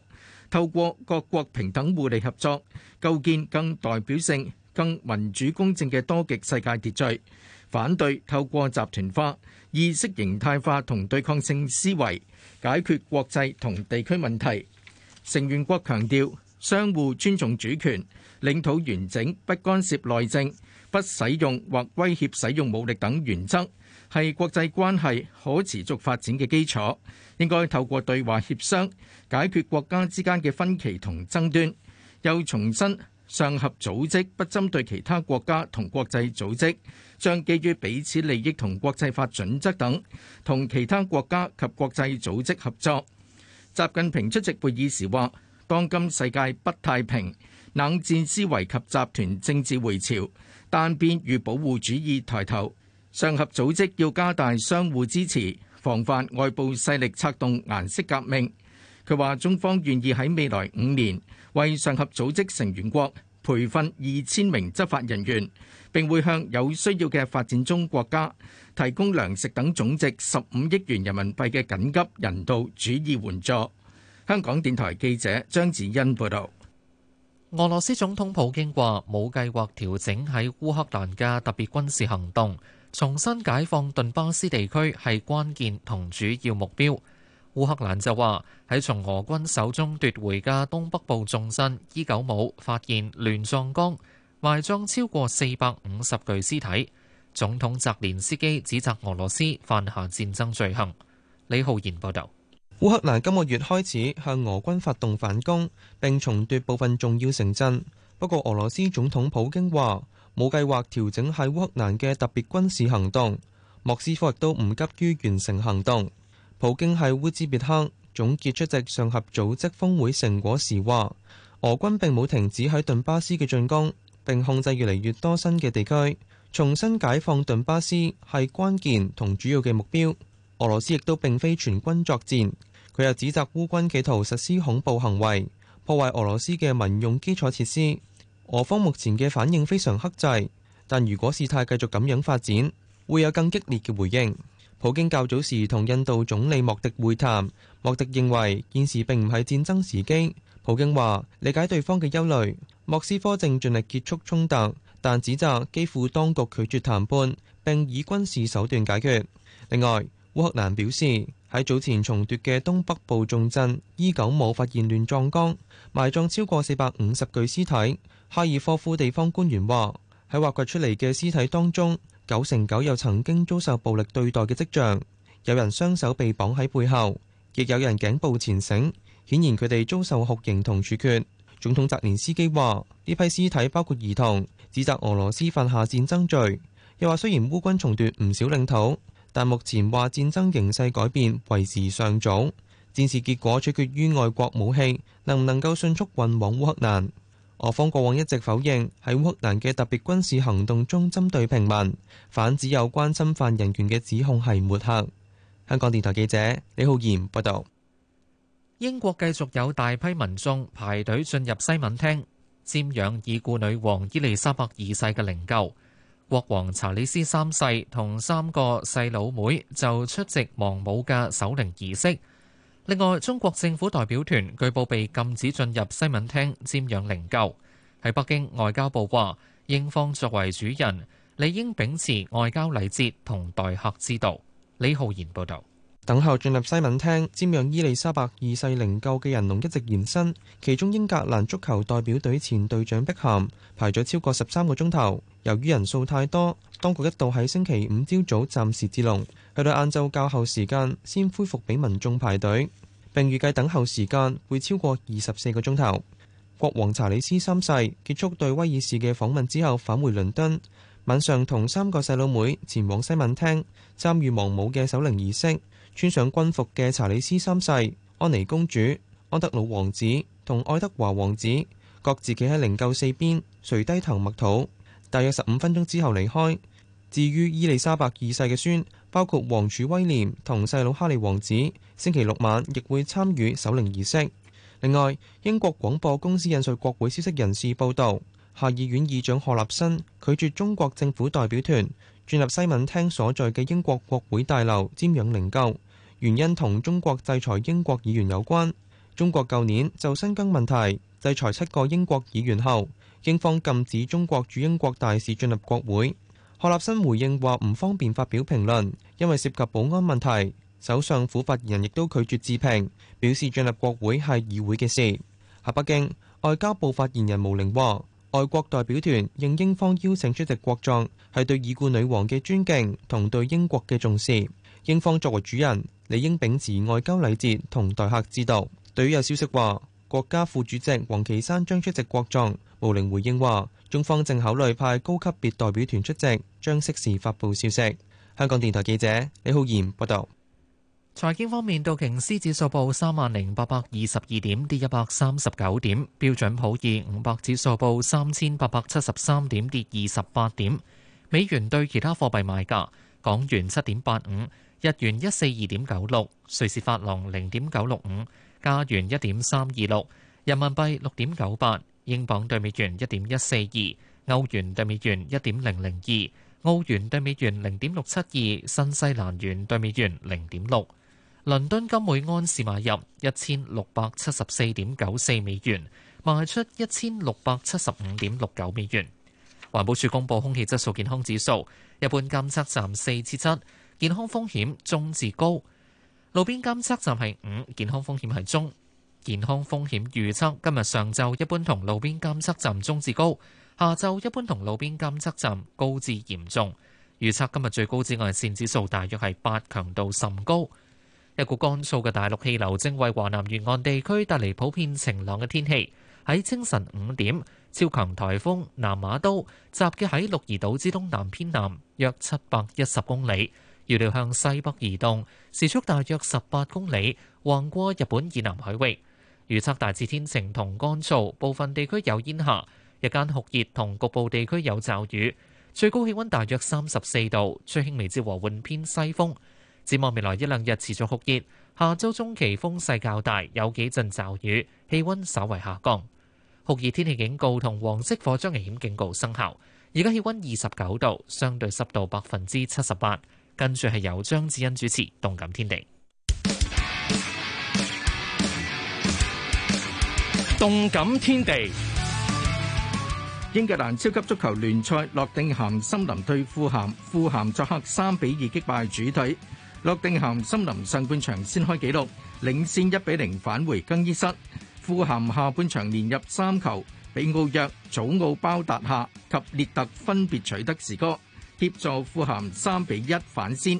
S14: 透過各國平等互利合作，構建更代表性、更民主公正嘅多極世界秩序。反對透過集團化、意識形態化同對抗性思維解決國際同地區問題。成員國強調相互尊重主權、領土完整、不干涉內政、不使用或威脅使用武力等原則。係國際關係可持續發展嘅基礎，應該透過對話協商解決國家之間嘅分歧同爭端。又重申上合組織不針對其他國家同國際組織，將基於彼此利益同國際法準則等，同其他國家及國際組織合作。習近平出席會議時話：當今世界不太平，冷戰思維及集團政治回潮，單邊與保護主義抬頭。上合組織要加大相互支持，防範外部勢力策動顏色革命。佢話：中方願意喺未來五年為上合組織成員國培訓二千名執法人員，並會向有需要嘅發展中國家提供糧食等總值十五億元人民幣嘅緊急人道主義援助。香港電台記者張子欣報道。
S12: 俄羅斯總統普京話：冇計劃調整喺烏克蘭嘅特別軍事行動。重新解放頓巴斯地區係關鍵同主要目標，烏克蘭就話喺從俄軍手中奪回嘅東北部重鎮伊久姆發現亂葬崗埋葬超過四百五十具屍體。總統澤連斯基指責俄羅斯犯下戰爭罪行。李浩然報道，
S2: 烏克蘭今個月開始向俄軍發動反攻，並重奪部分重要城鎮，不過俄羅斯總統普京話。冇計劃調整喺烏克蘭嘅特別軍事行動，莫斯科亦都唔急於完成行動。普京喺烏茲別克總結出席上合組織峰會成果時話：俄軍並冇停止喺頓巴斯嘅進攻，並控制越嚟越多新嘅地區。重新解放頓巴斯係關鍵同主要嘅目標。俄羅斯亦都並非全軍作戰。佢又指責烏軍企圖實施恐怖行為，破壞俄羅斯嘅民用基礎設施。俄方目前嘅反應非常克制，但如果事態繼續咁樣發展，會有更激烈嘅回應。普京較早時同印度總理莫迪會談，莫迪認為現時並唔係戰爭時機。普京話理解對方嘅憂慮，莫斯科正盡力結束衝突，但指責基輔當局拒絕談判並以軍事手段解決。另外，烏克蘭表示喺早前重奪嘅東北部重鎮伊久姆發現亂葬崗，埋葬超過四百五十具屍體。哈爾科夫地方官員話：喺挖掘出嚟嘅屍體當中，九成九有曾經遭受暴力對待嘅跡象，有人雙手被綁喺背後，亦有人頸部纏繩，顯然佢哋遭受酷刑同處決。總統澤連斯基話：呢批屍體包括兒童，指責俄羅斯犯下戰爭罪。又話雖然烏軍重奪唔少領土，但目前話戰爭形勢改變為時尚早，戰事結果取決於外國武器能唔能夠迅速運往烏克蘭。俄方過往一直否認喺烏克蘭嘅特別軍事行動中針對平民，反指有關侵犯人權嘅指控係抹黑。香港電台記者李浩然報道。英國繼續有大批民眾排隊進入西敏廳
S12: 瞻仰已故女王伊麗莎白二世嘅靈柩。國王查理斯三世同三個細佬妹就出席亡母嘅守靈儀式。另外，中國政府代表團據報被禁止進入西敏廳瞻仰靈柩。喺北京，外交部話，英方作為主人，理應秉持外交禮節同待客之道。李浩然報導。
S2: 等候進入西敏廳，瞻仰伊麗莎白二世靈柩嘅人龍一直延伸，其中英格蘭足球代表隊前隊長碧咸排咗超過十三個鐘頭。由於人數太多，當局一度喺星期五朝早暫時截龍，去到晏晝較後時間先恢復俾民眾排隊，並預計等候時間會超過二十四個鐘頭。國王查理斯三世結束對威爾士嘅訪問之後，返回倫敦，晚上同三個細佬妹前往西敏廳參與亡母嘅守靈儀式。穿上軍服嘅查理斯三世、安妮公主、安德魯王子同愛德華王子各自企喺靈柩四邊，垂低頭默禱，大約十五分鐘之後離開。至於伊麗莎白二世嘅孫，包括王儲威廉同細佬哈利王子，星期六晚亦會參與守靈儀式。另外，英國廣播公司引述國會消息人士報道，下議院議長賀立新拒絕中國政府代表團進入西敏廳所在嘅英國國會大樓瞻仰靈柩，原因同中國制裁英國議員有關。中國舊年就新疆問題制裁七個英國議員後，英方禁止中國駐英國大使進入國會。賀立新回應話唔方便發表評論，因為涉及保安問題。首相府發言人亦都拒絕置評，表示進入國會係議會嘅事。喺北京，外交部發言人毛寧話。外國代表團應英方邀請出席國葬，係對已故女王嘅尊敬同對英國嘅重視。英方作為主人，理應秉持外交禮節同待客之道。對於有消息話國家副主席王岐山將出席國葬，毛寧回應話，中方正考慮派高級別代表團出席，將適時發佈消息。香港電台記者李浩然報道。
S12: 財經方面，道瓊斯指數報三萬零八百二十二點，跌一百三十九點；標準普爾五百指數報三千八百七十三點，跌二十八點。美元對其他貨幣賣價：港元七點八五，日元一四二點九六，瑞士法郎零點九六五，加元一點三二六，人民幣六點九八，英鎊兌美元一點一四二，歐元兌美元一點零零二，澳元兌美元零點六七二，新西蘭元兌美元零點六。倫敦金每安士買入一千六百七十四點九四美元，賣出一千六百七十五點六九美元。環保署公布空氣質素健康指數，一般監測站四至七，7, 健康風險中至高；路邊監測站係五，健康風險係中。健康風險預測今日上晝一般同路邊監測站中至高，下晝一般同路邊監測站高至嚴重。預測今日最高紫外綫指數大約係八，強度甚高。一股乾燥嘅大陸氣流正為華南沿岸地區帶嚟普遍晴朗嘅天氣。喺清晨五點，超強颱風南馬都集結喺鹿兒島之東南偏南約七百一十公里，預料向西北移動，時速大約十八公里，橫過日本以南海域。預測大致天晴同乾燥，部分地區有煙霞，日間酷熱同局部地區有驟雨，最高氣温大約三十四度，吹輕微至和緩偏西風。展望未來一兩日持續酷熱，下週中期風勢較大，有幾陣驟雨，氣温稍為下降。酷熱天氣警告同黃色火災危險警告生效。而家氣温二十九度，相對濕度百分之七十八。跟住係由張子欣主持《動感天地》。
S14: 動感天地。英格蘭超級足球聯賽，諾定咸森林對富咸，富咸作客三比二擊敗主隊。諾定咸森林上半場先開紀錄，領先一比零，返回更衣室。富咸下半場連入三球，比奧約、祖奧包達下及列特分別取得時歌，協助富咸三比一反先。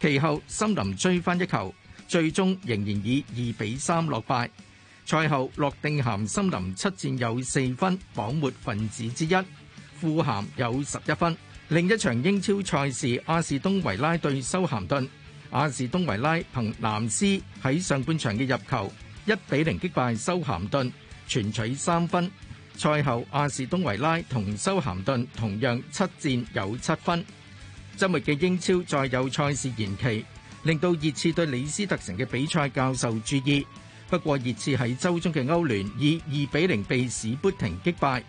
S14: 其後森林追翻一球，最終仍然以二比三落敗。賽後，諾定咸森林七戰有四分，榜末分子之一。富咸有十一分。另一場英超賽事，阿士東維拉對修咸頓。阿士東維拉憑南斯喺上半場嘅入球一比零擊敗修咸頓，全取三分。賽後，阿士東維拉同修咸頓同樣七戰有七分。周末嘅英超再有賽事延期，令到熱刺對李斯特城嘅比賽較受注意。不過熱，熱刺喺周中嘅歐聯以二比零被史布廷擊敗。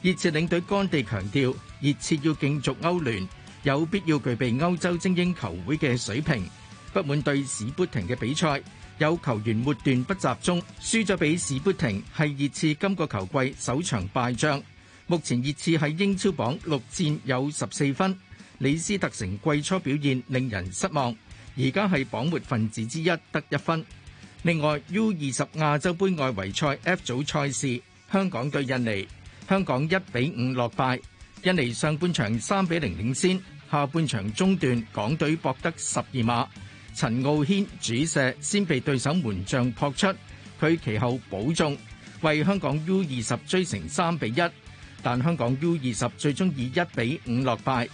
S14: 熱刺領隊干地強調，熱刺要競逐歐聯，有必要具備歐洲精英球會嘅水平。不滿對史砵廷嘅比賽，有球員末段不集中，輸咗俾史砵廷，係熱刺今個球季首場敗仗。目前熱刺喺英超榜六戰有十四分。李斯特城季初表現令人失望，而家係榜末分子之一，得一分。另外 U 二十亞洲盃外圍賽 F 組賽事，香港對印尼，香港一比五落敗。印尼上半場三比零領先，下半場中段港隊博得十二碼。陳傲軒主射先被對手門將撲出，佢其後補中，為香港 U 二十追成三比一，但香港 U 二十最終以一比五落敗。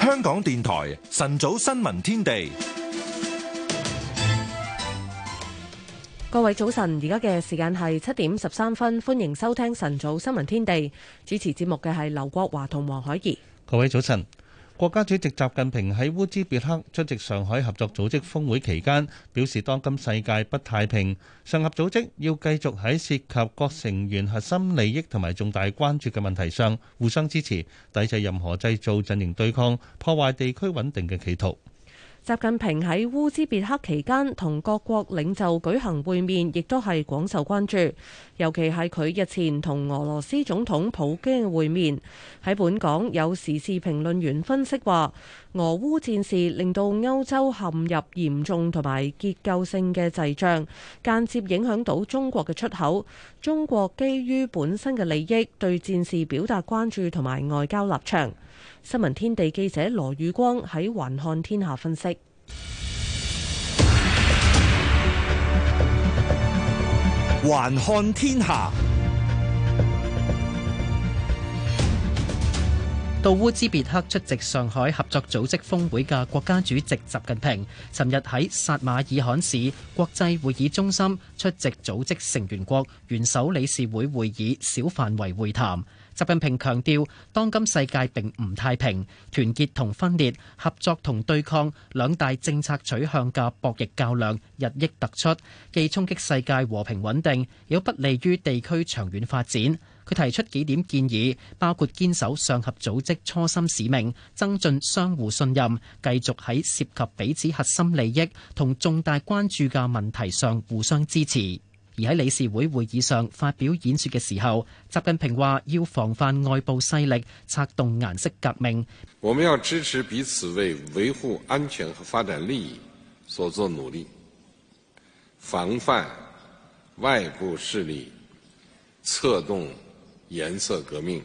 S1: 香港電台晨早新聞天地。
S3: 各位早晨，而家嘅時間係七點十三分，歡迎收聽晨早新聞天地。主持節目嘅係劉國華同黃海怡。
S4: 各位早晨，國家主席習近平喺烏茲別克出席上海合作組織峰會期間，表示當今世界不太平，上合組織要繼續喺涉及各成員核心利益同埋重大關注嘅問題上互相支持，抵制任何製造陣營對抗、破壞地區穩定嘅企圖。
S3: 習近平喺烏茲別克期間同各國領袖舉行會面，亦都係廣受關注。尤其係佢日前同俄羅斯總統普京嘅會面，喺本港有時事評論員分析話，俄烏戰事令到歐洲陷入嚴重同埋結構性嘅滯脹，間接影響到中國嘅出口。中國基於本身嘅利益，對戰事表達關注同埋外交立場。新聞天地記者羅宇光喺《環看天下》分析，
S1: 《環看天下》
S11: 到烏茲別克出席上海合作組織峰會嘅國家主席習近平，尋日喺撒馬爾罕市國際會議中心出席組織成員國元首理事會會會議小範圍會談。習近平強調，當今世界並唔太平，團結同分裂、合作同對抗兩大政策取向嘅博弈較量日益突出，既衝擊世界和平穩定，又不利於地區長遠發展。佢提出幾點建議，包括堅守上合組織初心使命，增進相互信任，繼續喺涉及彼此核心利益同重大關注嘅問題上互相支持。而喺理事會會議上發表演說嘅時候，習近平話要防範外部勢力策動顏色革命。
S15: 我們要支持彼此為維護安全和發展利益所做努力，防範外部勢力策動顏色革命，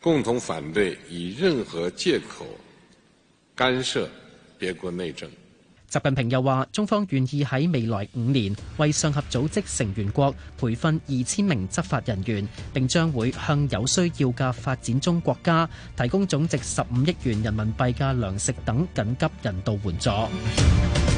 S15: 共同反對以任何借口干涉別國內政。
S11: 習近平又話，中方願意喺未來五年為上合組織成員國培訓二千名執法人員，並將會向有需要嘅發展中國家提供總值十五億元人民幣嘅糧食等緊急人道援助。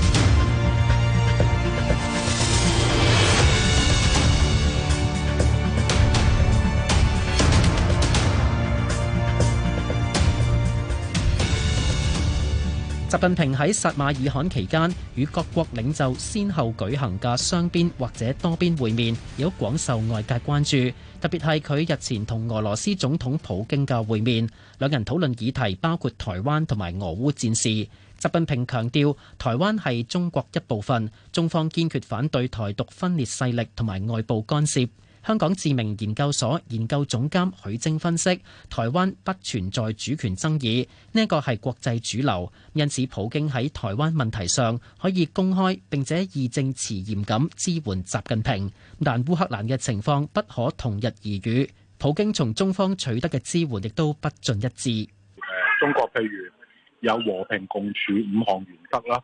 S11: 習近平喺撒馬爾罕期間與各國領袖先後舉行嘅雙邊或者多邊會面，有廣受外界關注。特別係佢日前同俄羅斯總統普京嘅會面，兩人討論議題包括台灣同埋俄烏戰事。習近平強調，台灣係中國一部分，中方堅決反對台獨分裂勢力同埋外部干涉。香港知名研究所研究總監許晶分析，台灣不存在主權爭議，呢個係國際主流，因此普京喺台灣問題上可以公開並且義正詞嚴咁支援習近平，但烏克蘭嘅情況不可同日而語，普京從中方取得嘅支援亦都不盡一致。
S13: 中國譬如有和平共處五項原則啦，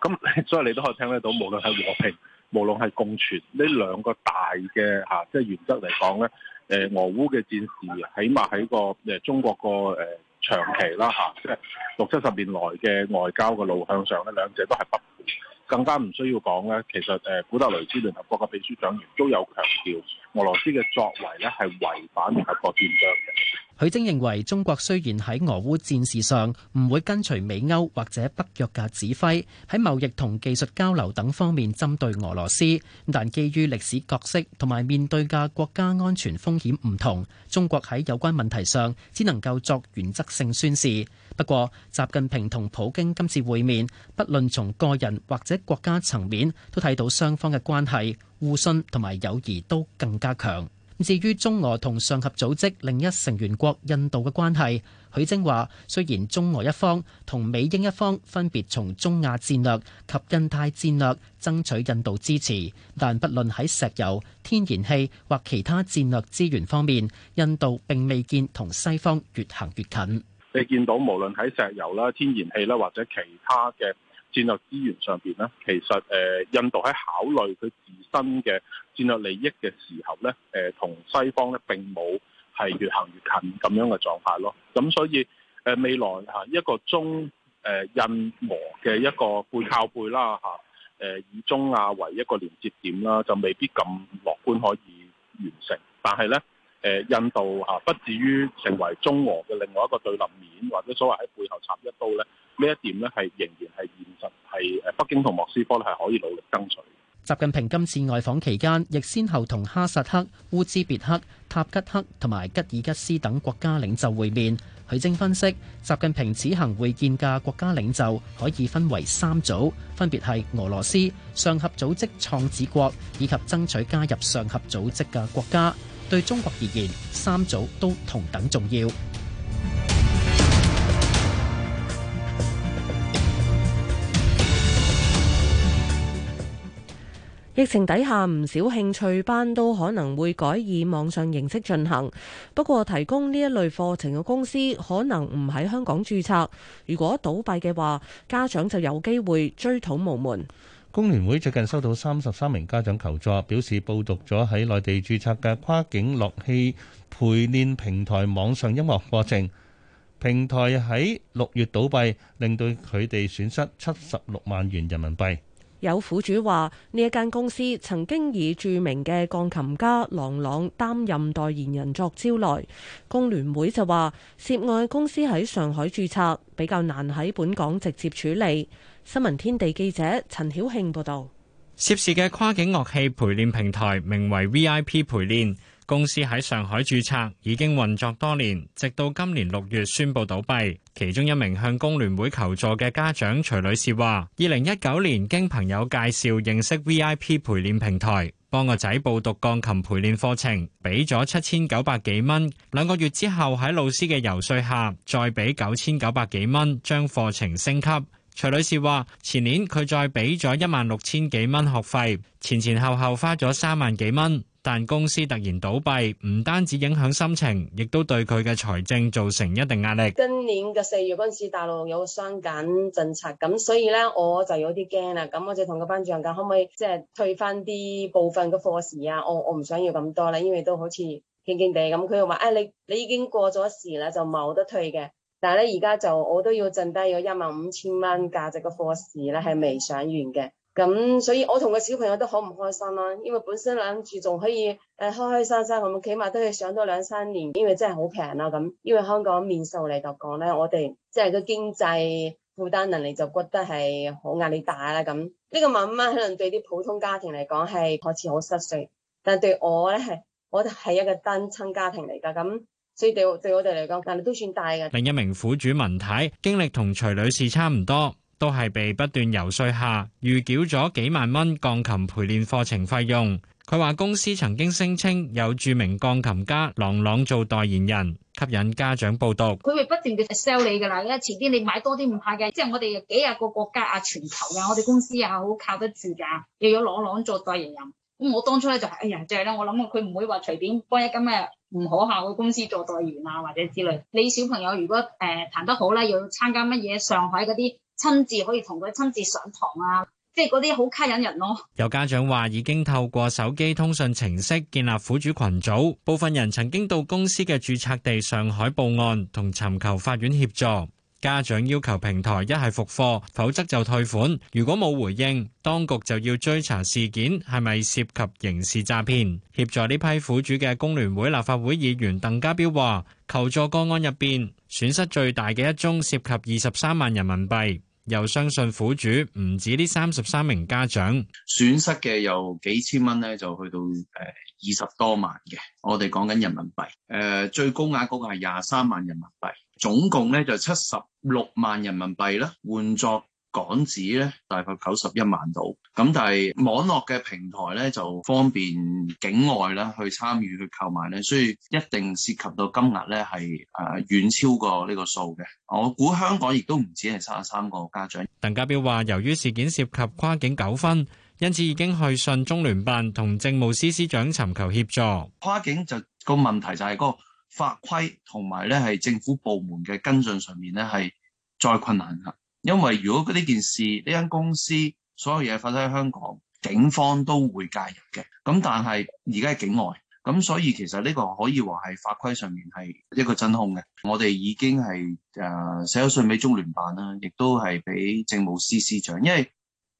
S13: 咁所以你都可以聽得到，無論係和平。無論係共存呢兩個大嘅嚇、啊，即係原則嚟講咧，誒、呃、俄烏嘅戰事，起碼喺個誒、呃、中國個誒、呃、長期啦嚇、啊，即係六七十年來嘅外交嘅路向上咧，兩者都係不符，更加唔需要講咧。其實誒、呃、古特雷斯聯合國嘅秘書長員都有強調，俄羅斯嘅作為咧係違反聯合國憲章嘅。
S11: 許晶認為，中國雖然喺俄烏戰事上唔會跟隨美歐或者北約嘅指揮，喺貿易同技術交流等方面針對俄羅斯，但基於歷史角色同埋面對嘅國家安全風險唔同，中國喺有關問題上只能夠作原則性宣示。不過，習近平同普京今次會面，不論從個人或者國家層面，都睇到雙方嘅關係互信同埋友誼都更加強。至於中俄同上合組織另一成員國印度嘅關係，許晶話：雖然中俄一方同美英一方分別從中亞戰略及印太戰略爭取印度支持，但不論喺石油、天然氣或其他戰略資源方面，印度並未見同西方越行越近。
S13: 你見到無論喺石油啦、天然氣啦或者其他嘅戰略資源上邊呢，其實誒印度喺考慮佢自身嘅建立利益嘅時候呢，誒、呃、同西方呢並冇係越行越近咁樣嘅狀態咯。咁所以誒、呃、未來嚇一個中誒、呃、印俄嘅一個背靠背啦嚇，誒、呃、以中亞為一個連接點啦，就未必咁樂觀可以完成。但係呢，誒、呃、印度嚇不至於成為中俄嘅另外一個對立面，或者所謂喺背後插一刀呢，呢一點呢，係仍然係現實，係誒北京同莫斯科咧係可以努力爭取。
S11: 習近平今次外訪期間，亦先後同哈薩克、烏茲別克、塔吉克同埋吉爾吉斯等國家領袖會面。許正分析，習近平此行會見嘅國家領袖可以分為三組，分別係俄羅斯、上合組織創始國以及爭取加入上合組織嘅國家。對中國而言，三組都同等重要。
S3: 疫情底下唔少興趣班都可能會改以網上形式進行，不過提供呢一類課程嘅公司可能唔喺香港註冊。如果倒閉嘅話，家長就有機會追討無門。
S4: 工聯會最近收到三十三名家長求助，表示報讀咗喺內地註冊嘅跨境樂器陪練平台網上音樂課程，平台喺六月倒閉，令到佢哋損失七十六萬元人民幣。
S3: 有苦主話：呢一間公司曾經以著名嘅鋼琴家郎朗擔任代言人作招來。工聯會就話，涉外公司喺上海註冊，比較難喺本港直接處理。新聞天地記者陳曉慶報道，
S15: 涉事嘅跨境樂器陪練平台名為 VIP 陪練。公司喺上海註冊，已經運作多年，直到今年六月宣布倒閉。其中一名向工聯會求助嘅家長徐女士話，二零一九年經朋友介紹認識 VIP 陪練平台，幫個仔報讀鋼琴陪練課程，俾咗七千九百幾蚊。兩個月之後喺老師嘅遊說下，再俾九千九百幾蚊將課程升級。徐女士話，前年佢再俾咗一萬六千幾蚊學費，前前後後花咗三萬幾蚊。但公司突然倒閉，唔單止影響心情，亦都對佢嘅財政造成一定壓力。
S3: 今年嘅四月嗰陣時，大陸有個雙減政策，咁所以咧我就有啲驚啦。咁我就同個班長講，可唔可以即係退翻啲部分嘅課時啊？我我唔想要咁多啦，因為都好似驚驚地咁。佢又話，誒、哎，你你已經過咗時啦，就冇得退嘅。但係咧，而家就我都要剩低有一萬五千蚊價值嘅課時啦，係未上完嘅。咁、嗯、所以我同個小朋友都好唔開心啦，啊，因為本身諗住仲可以誒開開心心咁，起碼都係上多兩三年，因為真係好平啦，咁。因為香港面數嚟度講咧，我哋即係個經濟負擔能力就覺得係好壓力大啦，咁。呢、嗯，這個媽媽可能對啲普通家庭嚟講係好似好失算，但對我咧，我係一個單親家庭嚟噶，咁、嗯、所以對對我哋嚟講，但係都算大嘅。
S15: 另一名苦主文太經歷同徐女士差唔多。都係被不斷游說下，預繳咗幾萬蚊鋼琴陪練課程費用。佢話公司曾經聲稱有著名鋼琴家朗朗做代言人，吸引家長報
S6: 讀。佢
S10: 會不斷嘅 sell 你㗎啦，因為遲啲你買多啲唔怕嘅，即係我哋幾廿個國家啊，全球㗎，我哋公司啊好靠得住㗎。又有朗朗做代言人，咁我當初咧就係，哎呀，就係、是、咧，我諗佢唔會話隨便幫一間嘅唔可靠嘅公司做代言啊，或者之類。你小朋友如果誒彈、呃、得好咧，又要參加乜嘢上海嗰啲？親自可以同佢親自上堂啊！即係嗰啲好吸引人
S15: 咯。有家長話已經透過手機通訊程式建立苦主群組，部分人曾經到公司嘅註冊地上海報案同尋求法院協助。家長要求平台一係復課，否則就退款。如果冇回應，當局就要追查事件係咪涉及刑事詐騙。協助呢批苦主嘅工聯會立法會議員鄧家彪話：求助個案入邊，損失最大嘅一宗涉及二十三萬人民幣。又相信苦主唔止呢
S16: 三十三名家長，損失嘅由幾千蚊咧，就去到誒二十多萬嘅。我哋講緊人民幣誒、呃、最高額嗰個係廿三萬人民幣，總共咧就七十六萬人民幣啦，換作。港紙咧大概九十一萬度，咁但係網絡嘅平台咧就方便境外啦去參與去購買咧，所以一定涉及到金額咧係誒遠超過呢個數嘅。我估香港亦都唔止係三十三個家長。
S15: 鄧家彪話，由於事件涉及跨境糾紛，因此已經去信中聯辦同政務司司長
S16: 尋求協助。跨境就個問題就係個法規同埋咧係政府部門嘅跟進上面咧係再困難噶。因為如果呢件事呢間公司所有嘢發生喺香港，警方都會介入嘅。咁但係而家係境外，咁所以其實呢個可以話係法規上面係一個真空嘅。我哋已經係誒寫咗信俾中聯辦啦，亦都係俾政務司司長，因為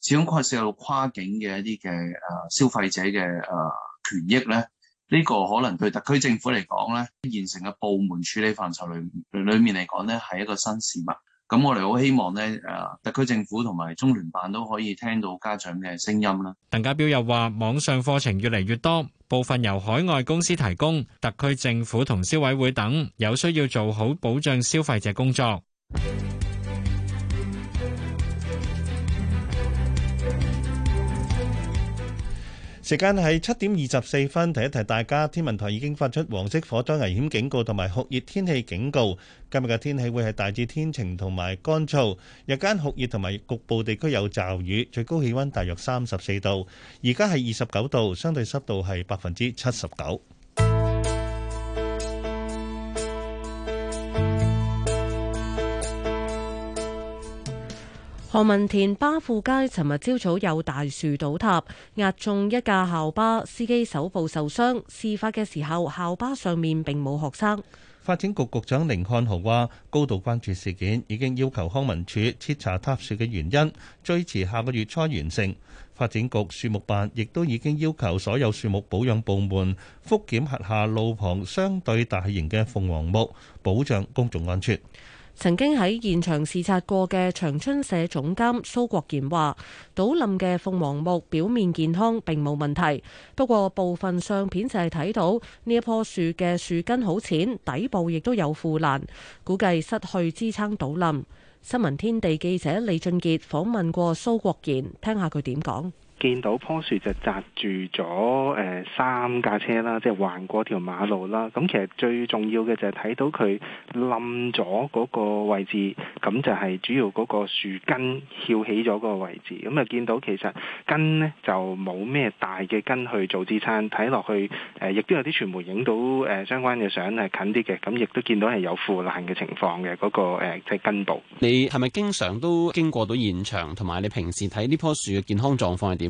S16: 始終牽涉到跨境嘅一啲嘅誒消費者嘅誒、呃、權益咧，呢個可能對特區政府嚟講咧，現成嘅部門處理範疇內裏面嚟講咧，係一個新事物。咁我哋好希望呢誒特區政府同埋中聯辦都可以聽到家長嘅聲音啦。
S15: 鄧家彪又話：網上課程越嚟越多，部分由海外公司提供，特區政府同消委會等有需要做好保障消費者工作。
S4: 時間係七點二十四分，提一提大家。天文台已經發出黃色火災危險警告，同埋酷熱天氣警告。今日嘅天氣會係大致天晴同埋乾燥，日間酷熱同埋局部地區有驟雨，最高氣温大約三十四度。而家係二十九度，相對濕度係百分之七十九。
S3: 何文田巴富街，尋日朝早有大樹倒塌，壓中一架校巴，司機手部受傷。事發嘅時候，校巴上面並冇學生。
S4: 發展局局長寧漢豪話，高度關注事件，已經要求康文署徹查塌樹嘅原因，最遲下個月初完成。發展局樹木辦亦都已經要求所有樹木保養部門複檢轄下路旁相對大型嘅鳳凰木，保障公眾安全。
S3: 曾經喺現場視察過嘅長春社總監蘇國賢話，倒冧嘅鳳凰木表面健康，並冇問題。不過部分相片就係睇到呢一棵樹嘅樹根好淺，底部亦都有腐爛，估計失去支撐倒冧。新聞天地記者李俊傑訪問過蘇國賢，聽下佢點講。
S8: 見到樖樹就擲住咗誒三架車啦，即係橫過條馬路啦。咁其實最重要嘅就係睇到佢冧咗嗰個位置，咁就係主要嗰個樹根翹起咗個位置。咁啊見到其實根呢就冇咩大嘅根去做支撐，睇落去誒亦都有啲傳媒影到誒相關嘅相係近啲嘅，咁亦都見到係有腐爛嘅情況嘅嗰個即係根部。
S17: 你係咪經常都經過到現場，同埋你平時睇呢棵樹嘅健康狀況係點？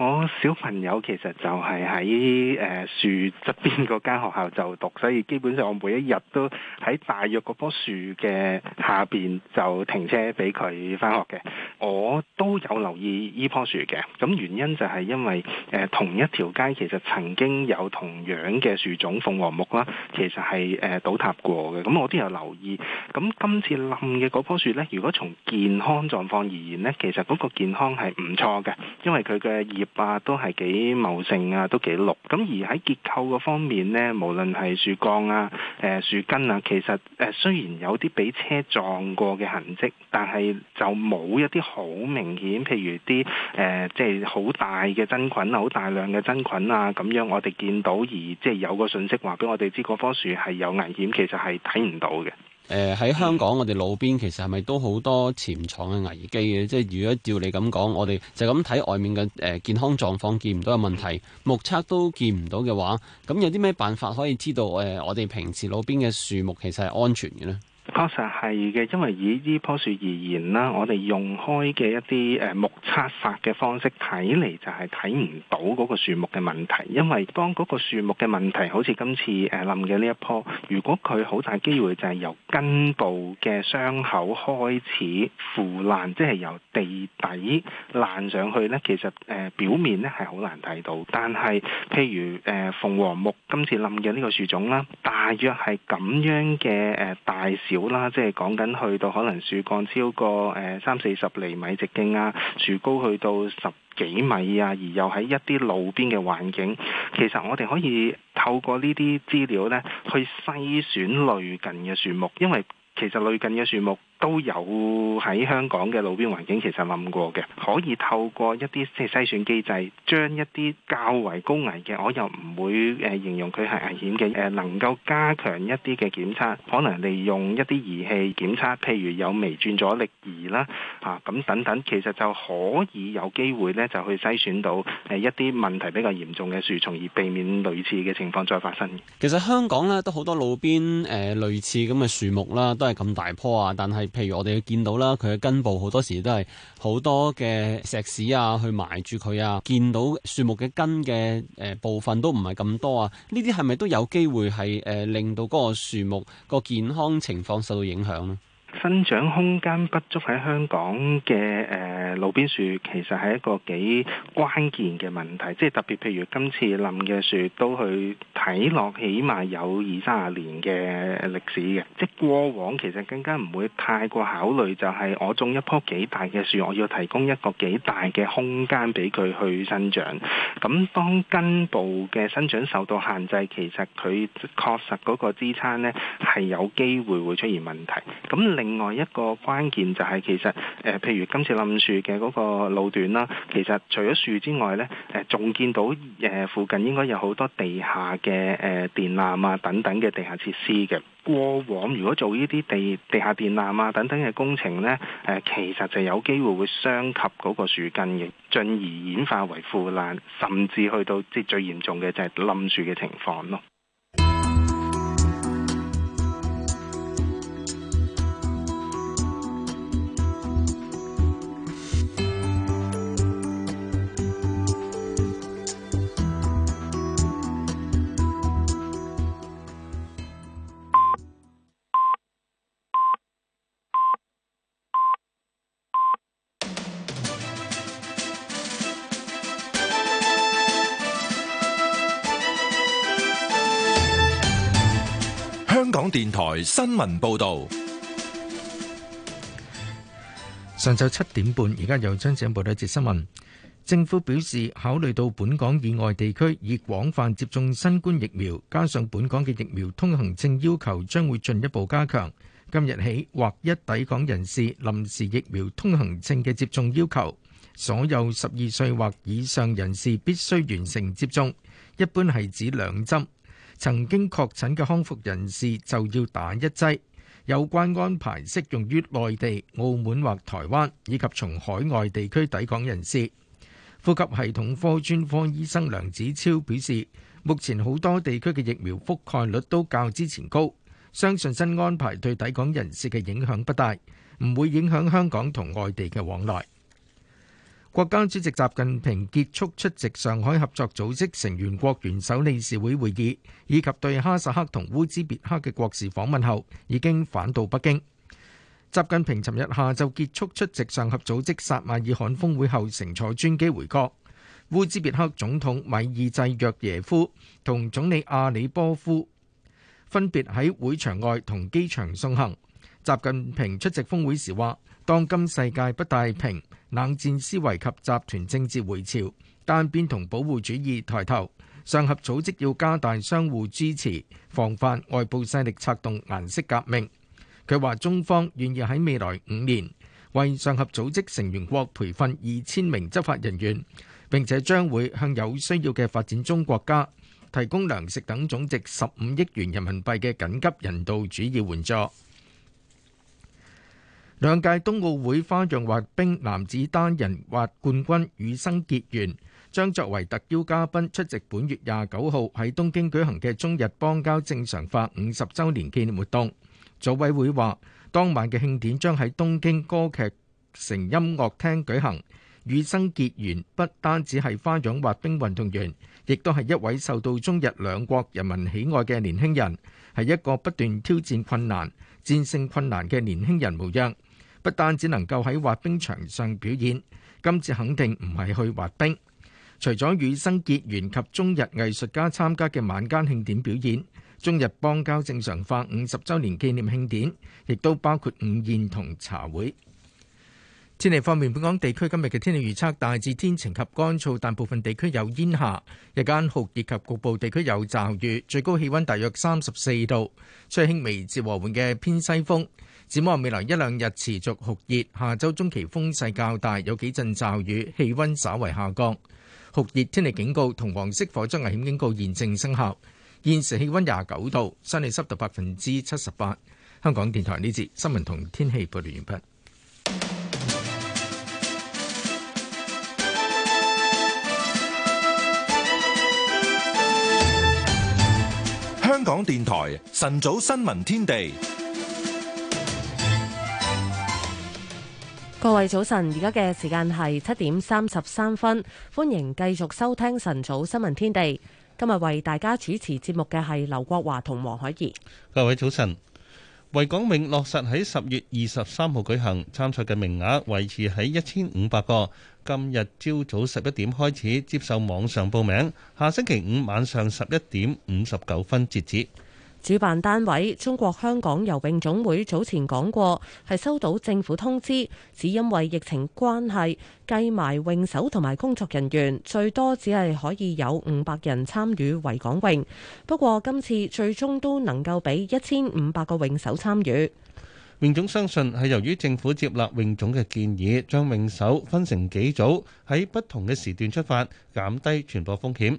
S8: 我小朋友其實就係喺誒樹側邊嗰間學校就讀，所以基本上我每一日都喺大約嗰樖樹嘅下邊就停車俾佢返學嘅。我都有留意呢樖樹嘅，咁原因就係因為誒、呃、同一條街其實曾經有同樣嘅樹種鳳凰木啦，其實係誒、呃、倒塌過嘅。咁我都有留意。咁今次冧嘅嗰樖樹呢，如果從健康狀況而言呢，其實嗰個健康係唔錯嘅，因為佢嘅葉吧都係幾茂盛啊，都幾綠。咁而喺結構嗰方面呢，無論係樹幹啊、誒樹根啊，其實誒雖然有啲俾車撞過嘅痕跡，但係就冇一啲好明顯，譬如啲誒即係好大嘅真菌啊、好大量嘅真菌啊咁樣，我哋見到而即係有個訊息話俾我哋知嗰棵樹係有危險，其實係睇唔到嘅。
S17: 誒喺、呃、香港，我哋路邊其實係咪都好多潛藏嘅危機嘅？即係如果照你咁講，我哋就咁睇外面嘅誒、呃、健康狀況，見唔到嘅問題，目測都見唔到嘅話，咁有啲咩辦法可以知道誒、呃、我哋平時路邊嘅樹木其實係安全嘅呢？
S8: 確實係嘅，因為以呢棵樹而言啦，我哋用開嘅一啲誒目測法嘅方式睇嚟，就係睇唔到嗰個樹木嘅問題，因為當嗰個樹木嘅問題好似今次誒冧嘅呢一棵，如果佢好大機會就係由根部嘅傷口開始腐爛，即係由地底爛上去咧，其實誒表面咧係好難睇到。但係譬如誒鳳凰木今次冧嘅呢個樹種啦，大約係咁樣嘅誒大小。啦，即係講緊去到可能樹幹超過誒、呃、三四十厘米直徑啊，樹高去到十幾米啊，而又喺一啲路邊嘅環境，其實我哋可以透過呢啲資料呢，去篩選類近嘅樹木，因為其實類近嘅樹木，都有喺香港嘅路邊環境其實冧過嘅，可以透過一啲即係篩選機制，將一啲較為高危嘅，我又唔會誒形容佢係危險嘅誒，能夠加強一啲嘅檢測，可能利用一啲儀器檢測，譬如有微轉阻力儀啦，嚇、啊、咁等等，其實就可以有機會咧就去篩選到誒一啲問題比較嚴重嘅樹，從而避免類似嘅情況再發生。
S17: 其實香港咧都好多路邊誒、呃、類似咁嘅樹木啦，都係咁大棵啊，但係。譬如我哋見到啦，佢嘅根部好多時都係好多嘅石屎啊，去埋住佢啊，見到樹木嘅根嘅誒部分都唔係咁多啊，呢啲係咪都有機會係誒、呃、令到嗰個樹木個健康情況
S8: 受到影響呢？生長空間不足喺香港嘅誒、呃、路邊樹，其實係一個幾關鍵嘅問題。即係特別，譬如今次冧嘅樹，都去睇落，起碼有二三十年嘅歷史嘅。即係過往其實更加唔會太過考慮，就係我種一棵幾大嘅樹，我要提供一個幾大嘅空間俾佢去生長。咁當根部嘅生長受到限制，其實佢確實嗰個支撐呢係有機會會出現問題。咁另外一個關鍵就係、是、其實誒、呃，譬如今次冧樹嘅嗰個路段啦，其實除咗樹之外呢，誒、呃、仲見到誒、呃、附近應該有好多地下嘅誒、呃、電纜啊等等嘅地下設施嘅。過往如果做呢啲地地下電纜啊等等嘅工程呢，誒、呃、其實就有機會會傷及嗰個樹根，亦進而演化為腐爛，甚至去到即最嚴重嘅就係冧樹嘅情況咯。
S1: 台新聞報道，
S14: 上晝七點半，而家又將報道一節新聞。政府表示，考慮到本港以外地區已廣泛接種新冠疫苗，加上本港嘅疫苗通行證要求將會進一步加強，今日起或一抵港人士臨時疫苗通行證嘅接種要求，所有十二歲或以上人士必須完成接種，一般係指兩針。曾經確診嘅康復人士就要打一劑，有關安排適用於內地、澳門或台灣，以及從海外地區抵港人士。呼吸系統科專科醫生梁子超表示，目前好多地區嘅疫苗覆蓋率都較之前高，相信新安排對抵港人士嘅影響不大，唔會影響香港同外地嘅往來。國家主席習近平結束出席上海合作組織成員國元首理事會會議以及對哈薩克同烏茲別克嘅國事訪問後，已經返到北京。習近平尋日下晝結束出席上合組織撒馬爾罕峰會後，乘坐專機回國。烏茲別克總統米爾濟約耶夫同總理阿里波夫分別喺會場外同機場送行。習近平出席峰會時話：當今世界不太平。冷戰思維及集團政治回潮，單邊同保護主義抬頭。上合組織要加大相互支持，防範外部勢力策動顏色革命。佢話中方願意喺未來五年為上合組織成員國培訓二千名執法人員，並且將會向有需要嘅發展中國家提供糧食等總值十五億元人民幣嘅緊急人道主義援助。兩屆冬奧會花樣滑冰男子單人滑冠軍羽生結弦將作為特邀嘉賓出席本月廿九號喺東京舉行嘅中日邦交正常化五十週年紀念活動。組委會話，當晚嘅慶典將喺東京歌劇城音樂廳舉行。羽生結弦不單止係花樣滑冰運動員，亦都係一位受到中日兩國人民喜愛嘅年輕人，係一個不斷挑戰困難、戰勝困難嘅年輕人模樣。不單只能夠喺滑冰場上表演，今次肯定唔係去滑冰。除咗羽生結弦及中日藝術家參加嘅晚間慶典表演，中日邦交正常化五十周年紀念慶典，亦都包括午宴同茶會。天氣方面，本港地區今日嘅天氣預測大致天晴及乾燥，但部分地區有煙霞。日間酷熱及局部地區有驟雨，最高氣温大約三十四度，吹輕微至和緩嘅偏西風。展望未來一兩日持續酷熱，下周中期風勢較大，有幾陣驟雨，氣温稍為下降。酷熱天氣警告同黃色火災危險警告現正生效。現時氣温廿九度，室內濕度百分之七十八。香港電台呢節新聞同天氣報告完畢，
S1: 香港電台晨早新聞天地。
S3: 各位早晨，而家嘅時間係七點三十三分，歡迎繼續收聽晨早新聞天地。今日為大家主持節目嘅係劉國華同黃海怡。
S4: 各位早晨，維港泳落實喺十月二十三號舉行，參賽嘅名額維持喺一千五百個，今日朝早十一點開始接受網上報名，下星期五晚上十一點五十九分截止。
S3: 主辦單位中國香港游泳總會早前講過，係收到政府通知，只因為疫情關係，計埋泳手同埋工作人員，最多只係可以有五百人參與維港泳。不過今次最終都能夠俾一千五百個泳手參與。
S4: 泳總相信係由於政府接納泳總嘅建議，將泳手分成幾組，喺不同嘅時段出發，減低傳播風險。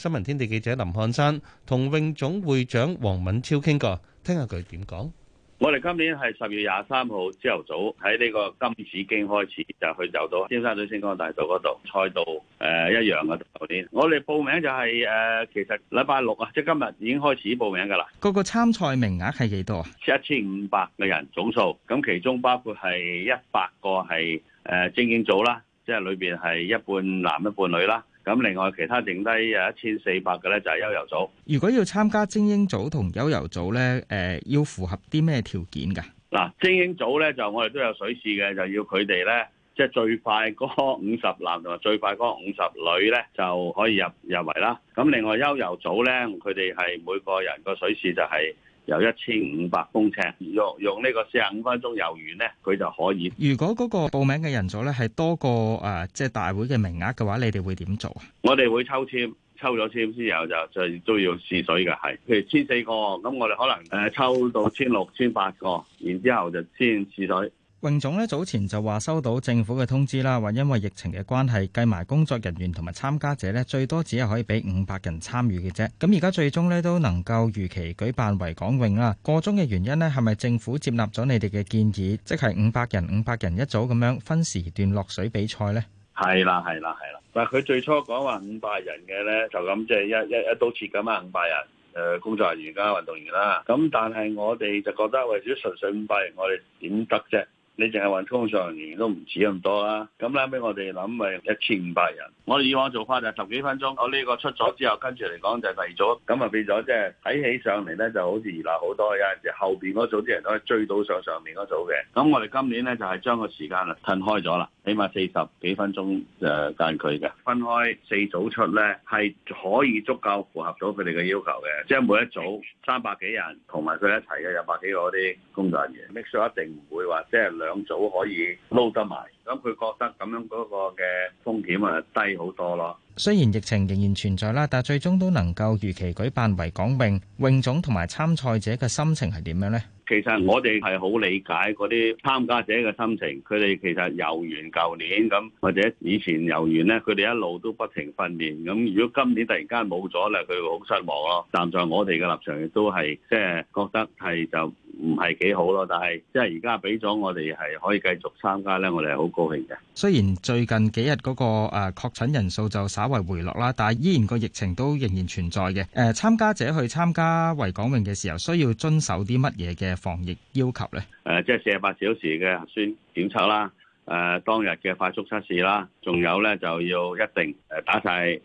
S4: 新聞天地記者林漢山同泳總會長黃敏超傾過，聽下佢點講。
S5: 我哋今年係十月廿三號朝頭早喺呢個金紫荊開始，就去就到尖沙咀星光大道嗰度賽道，誒、呃、一樣嘅頭先。我哋報名就係、是、誒、呃，其實禮拜六啊，即係今日已經開始報名噶啦。
S18: 個個參賽名額係幾多
S5: 啊？一千五百個人總數，咁其中包括係一百個係誒精英組啦，即係裏邊係一半男一半女啦。咁另外其他剩低誒、一千四百嘅咧，就係悠遊組。
S18: 如果要參加精英組同悠遊組咧，誒、呃、要符合啲咩條件㗎？
S5: 嗱，精英組咧就我哋都有水試嘅，就要佢哋咧即係最快嗰五十男同埋最快嗰五十女咧就可以入入圍啦。咁另外悠遊組咧，佢哋係每個人個水試就係、是。有一千五百公尺用用呢個四十五分鐘遊完咧，佢就可以。
S18: 如果嗰個報名嘅人數咧係多過誒即係大會嘅名額嘅話，你哋會點做啊？呃就
S5: 是、做我哋會抽籤，抽咗籤之後就就都要試水嘅，係。譬如千四個，咁我哋可能誒、呃、抽到千六、千八個，然之後就先試水。
S18: 泳總咧早前就話收到政府嘅通知啦，話因為疫情嘅關係，計埋工作人員同埋參加者咧，最多只係可以俾五百人參與嘅啫。咁而家最終咧都能夠如期舉辦維港泳啦。個中嘅原因咧係咪政府接納咗你哋嘅建議，即係五百人五百人一組咁樣分時段落水比賽咧？
S5: 係啦係啦係啦。嗱，佢最初講話五百人嘅咧就咁即係一一一刀切噶嘛，五百人誒工作人員加運動員啦。咁但係我哋就覺得為咗純粹五百人，我哋點得啫？你淨係揾工作年都唔止咁多啦，啊，咁啱啱我哋諗咪一千五百人。我哋以往做法就十幾分鐘，我呢個出咗之後，跟住嚟講就第二組，咁啊變咗即係睇起上嚟咧就好似熱鬧好多。有陣時後邊嗰組啲人都可以追到上上面嗰組嘅。咁我哋今年咧就係、是、將個時間啊褪開咗啦，起碼四十幾分鐘嘅間距嘅。分開四組出咧，係可以足夠符合到佢哋嘅要求嘅，即係每一組三百幾人同埋佢一齊嘅有百幾個啲工作人員 make sure 一定唔會話即係兩。就是兩組可以撈得埋。 咁佢覺得咁樣嗰個嘅風險啊低好多咯。
S18: 雖然疫情仍然存在啦，但係最終都能夠如期舉辦維港泳，泳總同埋參賽者嘅心情係點樣咧？
S5: 其實我哋係好理解嗰啲參加者嘅心情，佢哋其實游完舊年咁，或者以前游完咧，佢哋一路都不停訓練，咁如果今年突然間冇咗咧，佢會好失望咯。站在我哋嘅立場亦都係即係覺得係就唔係幾好咯。但係即係而家俾咗我哋係可以繼續參加咧，我哋好。過去
S18: 嘅，雖然最近幾日嗰個誒確診人數就稍為回落啦，但係依然個疫情都仍然存在嘅。誒、呃，參加者去參加維港泳嘅時候，需要遵守啲乜嘢嘅防疫要求咧？
S5: 誒、呃，即係四十八小時嘅核酸檢測啦，誒、呃、當日嘅快速測試啦，仲有咧就要一定誒打晒誒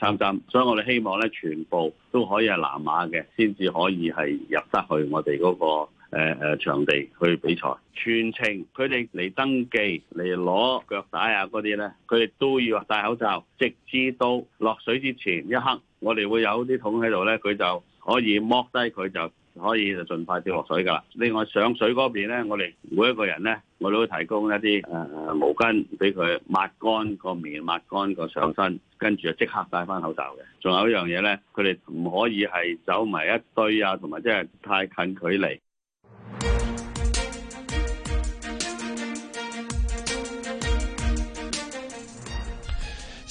S5: 三針。嗯、所以我哋希望咧，全部都可以係藍碼嘅，先至可以係入得去我哋嗰、那個。誒誒，場地去比賽，全程佢哋嚟登記、嚟攞腳帶啊嗰啲咧，佢哋都要戴口罩，直至到落水之前一刻，我哋會有啲桶喺度咧，佢就可以剝低佢就可以就盡快跳落水噶啦。另外上水嗰邊咧，我哋每一個人咧，我都會提供一啲毛巾俾佢抹乾個面、抹乾個上身，跟住就即刻戴翻口罩嘅。仲有一樣嘢咧，佢哋唔可以係走埋一堆啊，同埋即係太近距離。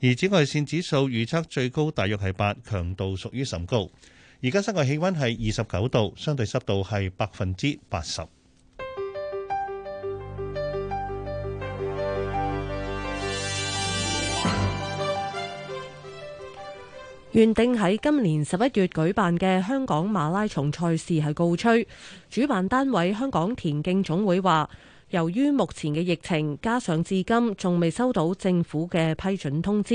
S4: 而紫外線指數預測最高大約係八，強度屬於甚高。而家室外氣温係二十九度，相對濕度係百分之八十。
S3: 原定喺今年十一月舉辦嘅香港馬拉松賽事係告吹，主辦單位香港田徑總會話。由於目前嘅疫情，加上至今仲未收到政府嘅批准通知，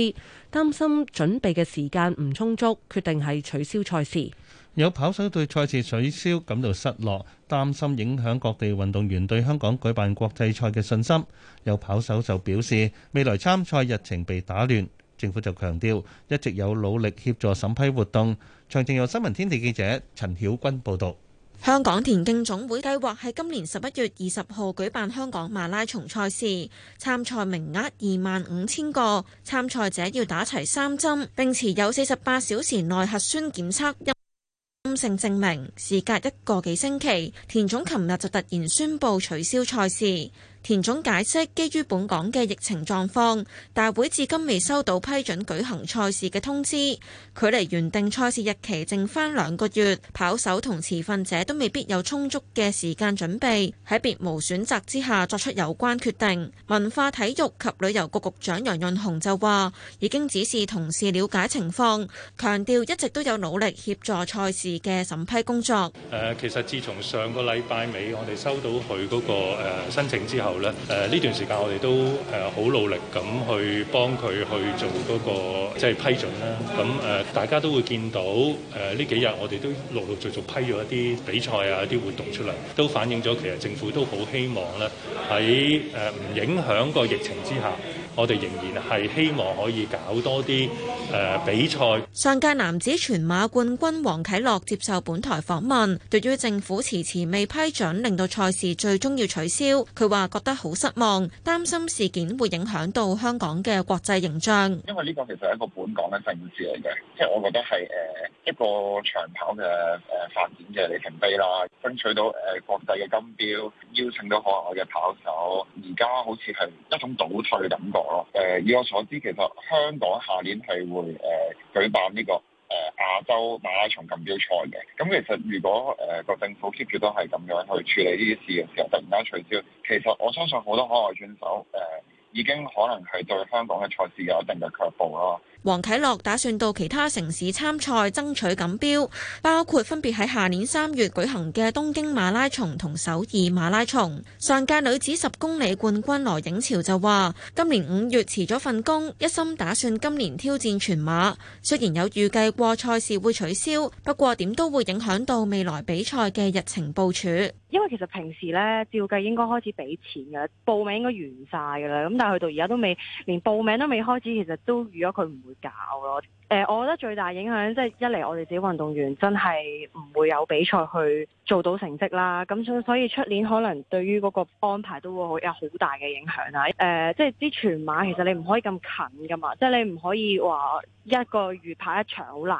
S3: 擔心準備嘅時間唔充足，決定係取消賽事。
S4: 有跑手對賽事取消感到失落，擔心影響各地運動員對香港舉辦國際賽嘅信心。有跑手就表示，未來參賽日程被打亂。政府就強調一直有努力協助審批活動。詳情由新聞天地記者陳曉君報導。
S10: 香港田徑總會計劃喺今年十一月二十號舉辦香港馬拉松賽事，參賽名額二萬五千個，參賽者要打齊三針，並持有四十八小時內核酸檢測陰性證明。事隔一個幾星期，田總琴日就突然宣布取消賽事。田總解釋，基於本港嘅疫情狀況，大會至今未收到批准舉行賽事嘅通知。距離原定賽事日期剩返兩個月，跑手同持份者都未必有充足嘅時間準備。喺別無選擇之下作出有關決定。文化體育及旅遊局局長楊潤雄就話，已經指示同事了解情況，強調一直都有努力協助賽事嘅審批工作。
S4: 呃，其實自從上個禮拜尾，我哋收到佢嗰個申請之後，咧，誒呢段時間我哋都誒好努力咁去幫佢去做嗰個即係批准啦。咁誒大家都會見到，誒呢幾日我哋都陸陸續續批咗一啲比賽啊、一啲活動出嚟，都反映咗其實政府都好希望咧，喺誒唔影響個疫情之下，我哋仍然係希望可以搞多啲。誒比賽，
S10: 上屆男子全馬冠軍王啟樂接受本台訪問，對於政府遲遲未批准，令到賽事最終要取消，佢話覺得好失望，擔心事件會影響到香港嘅國際形象。
S13: 因為呢個其實係一個本港嘅政治嚟嘅，即係我覺得係誒一個長跑嘅誒發展嘅里程碑啦，爭取到誒國際嘅金標，邀請到海外嘅跑手，而家好似係一種倒退嘅感覺咯。誒以我所知，其實香港下年係會。誒、呃、舉辦呢、這個誒、呃、亞洲馬拉松錦標賽嘅，咁、嗯、其實如果誒個、呃、政府 keep 住都係咁樣去處理呢啲事嘅時候，突然間取消，其實我相信好多海外選手誒、呃、已經可能係對香港嘅賽事有一定嘅卻步咯。
S10: 黃啟樂打算到其他城市參賽，爭取錦標，包括分別喺下年三月舉行嘅東京馬拉松同首爾馬拉松。上屆女子十公里冠軍羅影潮就話：今年五月辭咗份工，一心打算今年挑戰全馬。雖然有預計過賽事會取消，不過點都會影響到未來比賽嘅日程部署。
S3: 因為其實平時呢，照計應該開始畀錢㗎，報名應該完晒㗎啦。咁但係去到而家都未，連報名都未開始，其實都預咗佢唔會搞咯。誒、呃，我覺得最大影響即係、就是、一嚟，我哋自己運動員真係唔會有比賽去做到成績啦。咁所以出年可能對於嗰個安排都會有好大嘅影響啦。誒、呃，即係啲全馬其實你唔可以咁近噶嘛，即、就、係、是、你唔可以話一個月跑一場好難。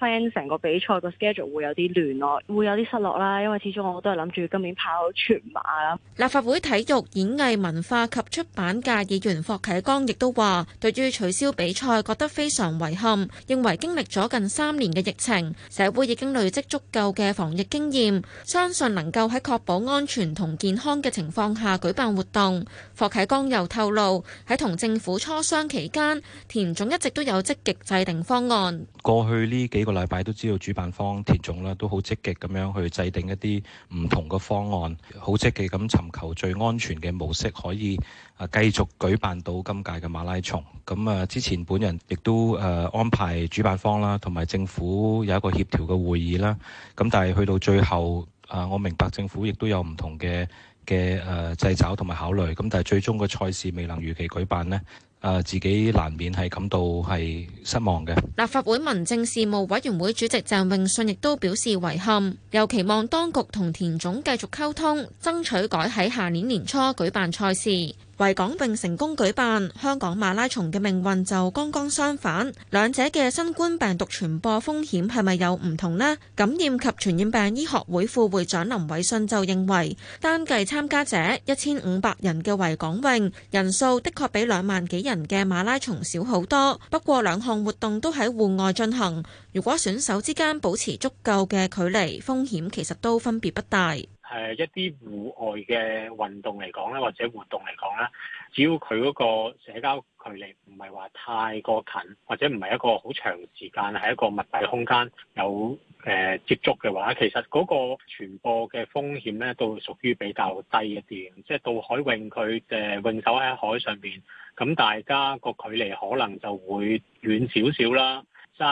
S3: 翻成個比賽個 schedule 會有啲亂咯，會有啲失
S10: 落啦，因為始終我都係諗住今年跑全馬。立法會體育、演藝、文化及出版界議員霍啟剛亦都話，對於取消比賽覺得非常遺憾，認為經歷咗近三年嘅疫情，社會已經累積足夠嘅防疫經驗，相信能夠喺確保安全同健康嘅情況下舉辦活動。霍啟剛又透露喺同政府磋商期間，田總一直都有積極制定方案。
S15: 過去呢幾個個禮拜都知道，主辦方田總啦都好積極咁樣去制定一啲唔同嘅方案，好積極咁尋求最安全嘅模式，可以啊繼續舉辦到今屆嘅馬拉松。咁啊，之前本人亦都誒安排主辦方啦，同埋政府有一個協調嘅會議啦。咁但係去到最後啊，我明白政府亦都有唔同嘅嘅誒掣肘同埋考慮。咁但係最終個賽事未能如期舉辦呢。誒自己難免係感到係失望
S10: 嘅。立法會民政事務委員會主席鄭泳舜亦都表示遺憾，又期望當局同田總繼續溝通，爭取改喺下年年初舉辦賽事。維港泳成功舉辦，香港馬拉松嘅命運就剛剛相反。兩者嘅新冠病毒傳播風險係咪有唔同呢？感染及傳染病醫學會副會長林偉信就認為，單計參加者一千五百人嘅維港泳，人數的確比兩萬幾人嘅馬拉松少好多。不過，兩項活動都喺戶外進行，如果選手之間保持足夠嘅距離，風險其實都分別不大。
S15: 誒、呃、一啲戶外嘅運動嚟講咧，或者活動嚟講咧，只要佢嗰個社交距離唔係話太過近，或者唔係一個好長時間喺一個密閉空間有誒、呃、接觸嘅話，其實嗰個傳播嘅風險咧都屬於比較低一啲。即係到海泳，佢、呃、誒泳手喺海上面，咁大家個距離可能就會
S8: 遠少少
S15: 啦。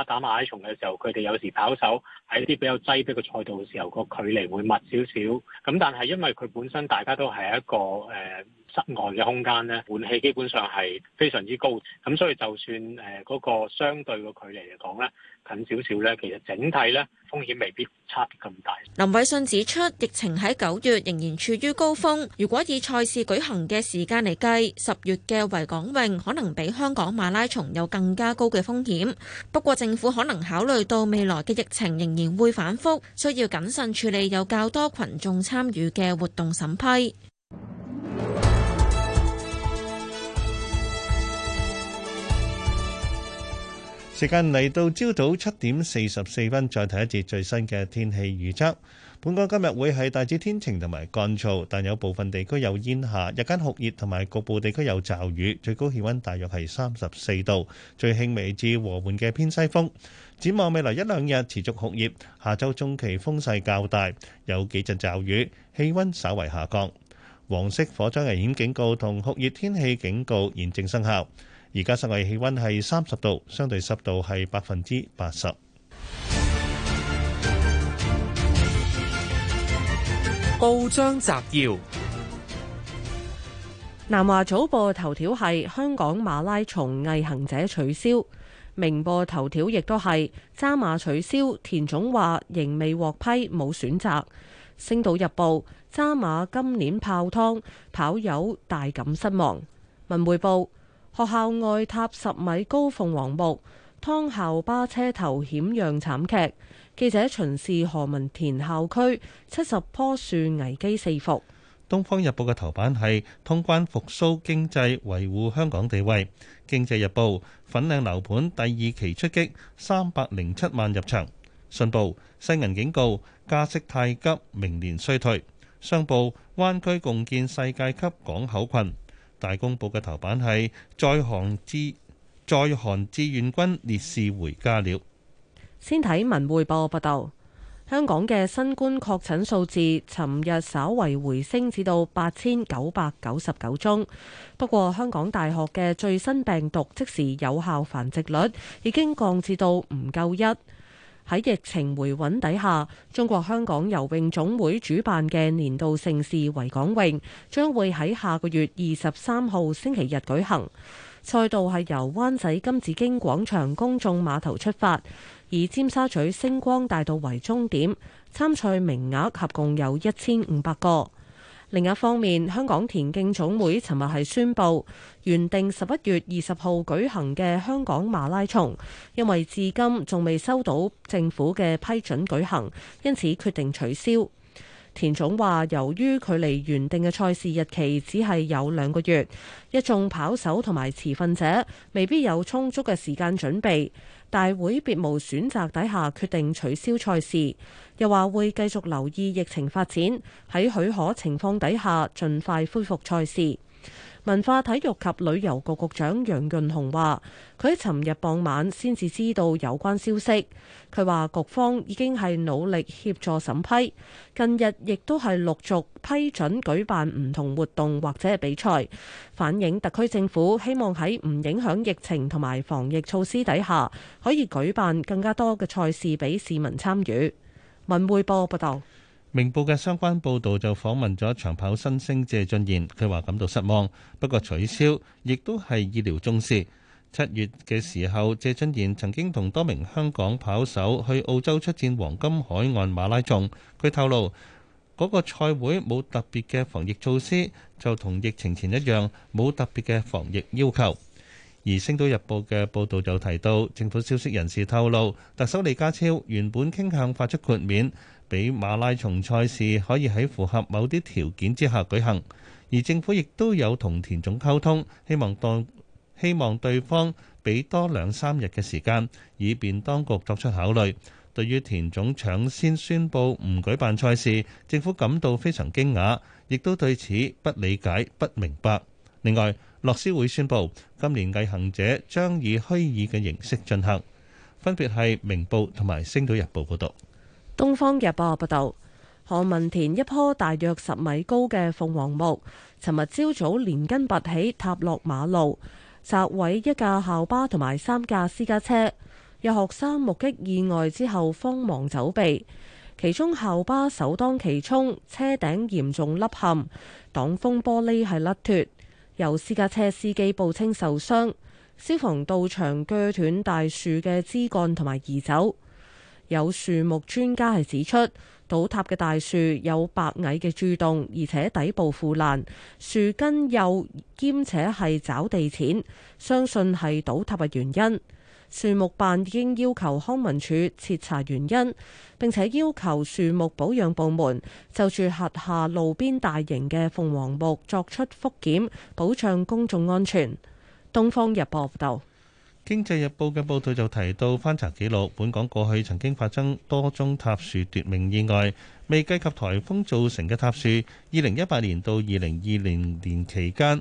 S15: 打馬拉松嘅時候，佢哋有時跑手喺啲比較擠迫嘅賽道嘅時候，個距離會密少少。咁但係因為佢本身大家都係一個誒、呃室外嘅空間呢，換氣基本上係非常之高，咁所以就算誒嗰個相對嘅距離嚟講呢近少少呢，其實整體呢風險未必差別咁大。
S10: 林偉信指出，疫情喺九月仍然處於高峰，如果以賽事舉行嘅時間嚟計，十月嘅維港泳可能比香港馬拉松有更加高嘅風險。不過政府可能考慮到未來嘅疫情仍然會反覆，需要謹慎處理有較多羣眾參與嘅活動審批。時
S4: 間嚟到朝早七點四十四分，再睇一節最新嘅天氣預測。本港今日會係大致天晴同埋乾燥，但有部分地區有煙霞。日間酷熱同埋局部地區有驟雨，最高氣溫大約係三十四度，最輕微至和緩嘅偏西風。展望未來一兩日持續酷熱，下周中期風勢較大，有幾陣驟雨，氣溫稍為下降。黃色火災危險警告同酷熱天氣警告現正生效。而家室外氣溫係三十度，相對濕度係百分之八十。
S3: 報章摘要：南華早報頭條係香港馬拉松毅行者取消，明報頭條亦都係揸馬取消。田總話：仍未獲批，冇選擇。星島日報揸馬今年泡湯，跑友大感失望。文匯報學校外塌十米高鳳凰木，湯校巴車頭險釀慘劇。記者巡視何文田校區，七十棵樹危機四伏。東方日
S4: 報嘅頭版係通關復蘇經濟，維護香港地位。經濟日報粉嶺樓盤第二期出擊三百零七萬入場。信報世銀警告加息太急，明年衰退。商報灣區共建世界級港口群。大公報嘅頭版係在韓志在韓志願軍烈士回家了。
S3: 先睇文匯報報道，香港嘅新冠確診數字尋日稍為回升至到八千九百九十九宗，不過香港大學嘅最新病毒即時有效繁殖率已經降至到唔夠一。喺疫情回穩底下，中國香港游泳總會主辦嘅年度盛事維港泳將會喺下個月二十三號星期日舉行。賽道係由灣仔金紫荊廣場公眾碼頭出發，以尖沙咀星光大道為終點。參賽名額合共有一千五百個。另一方面，香港田徑總會尋日係宣布，原定十一月二十號舉行嘅香港馬拉松，因為至今仲未收到政府嘅批准舉行，因此決定取消。田總話，由於距離原定嘅賽事日期只係有兩個月，一眾跑手同埋持份者未必有充足嘅時間準備。大會別無選擇底下決定取消賽事，又話會繼續留意疫情發展，喺許可情況底下盡快恢復賽事。文化體育及旅遊局局長楊潤雄話：佢喺尋日傍晚先至知道有關消息。佢話局方已經係努力協助審批，近日亦都係陸續批准舉辦唔同活動或者係比賽，反映特區政府希望喺唔影響疫情同埋防疫措施底下，可以舉辦更加多嘅賽事俾市民參與。文匯報報道。
S4: 明報嘅相關報導就訪問咗長跑新星謝俊賢，佢話感到失望，不過取消亦都係意料中事。七月嘅時候，謝俊賢曾經同多名香港跑手去澳洲出戰黃金海岸馬拉松，佢透露嗰個賽會冇特別嘅防疫措施，就同疫情前一樣冇特別嘅防疫要求。而《星島日報》嘅報導就提到，政府消息人士透露，特首李家超原本傾向發出豁免。比馬拉松賽事可以喺符合某啲條件之下舉行，而政府亦都有同田總溝通，希望當希望對方俾多兩三日嘅時間，以便當局作出考慮。對於田總搶先宣布唔舉辦賽事，政府感到非常驚訝，亦都對此不理解、不明白。另外，樂施會宣布今年毅行者將以虛擬嘅形式進行。分別係明報同埋星島日報報導。
S3: 東方日報報道，何文田一棵大約十米高嘅鳳凰木，尋日朝早連根拔起，塌落馬路，砸毀一架校巴同埋三架私家車。有學生目擊意外之後慌忙走避，其中校巴首當其衝，車頂嚴重凹陷，擋風玻璃係甩脫。有私家車司機報稱受傷。消防到場鋸斷大樹嘅枝幹同埋移走。有樹木專家係指出，倒塌嘅大樹有白蟻嘅蛀洞，而且底部腐爛，樹根又兼且係找地淺，相信係倒塌嘅原因。樹木辦已經要求康文署徹查原因，並且要求樹木保養部門就住轄下路邊大型嘅鳳凰木作出復檢，保障公眾安全。《東方日報》報道。
S4: 經濟日報嘅報道就提到，翻查記錄，本港過去曾經發生多宗塌樹奪命意外，未計及颱風造成嘅塌樹。二零一八年到二零二零年期間，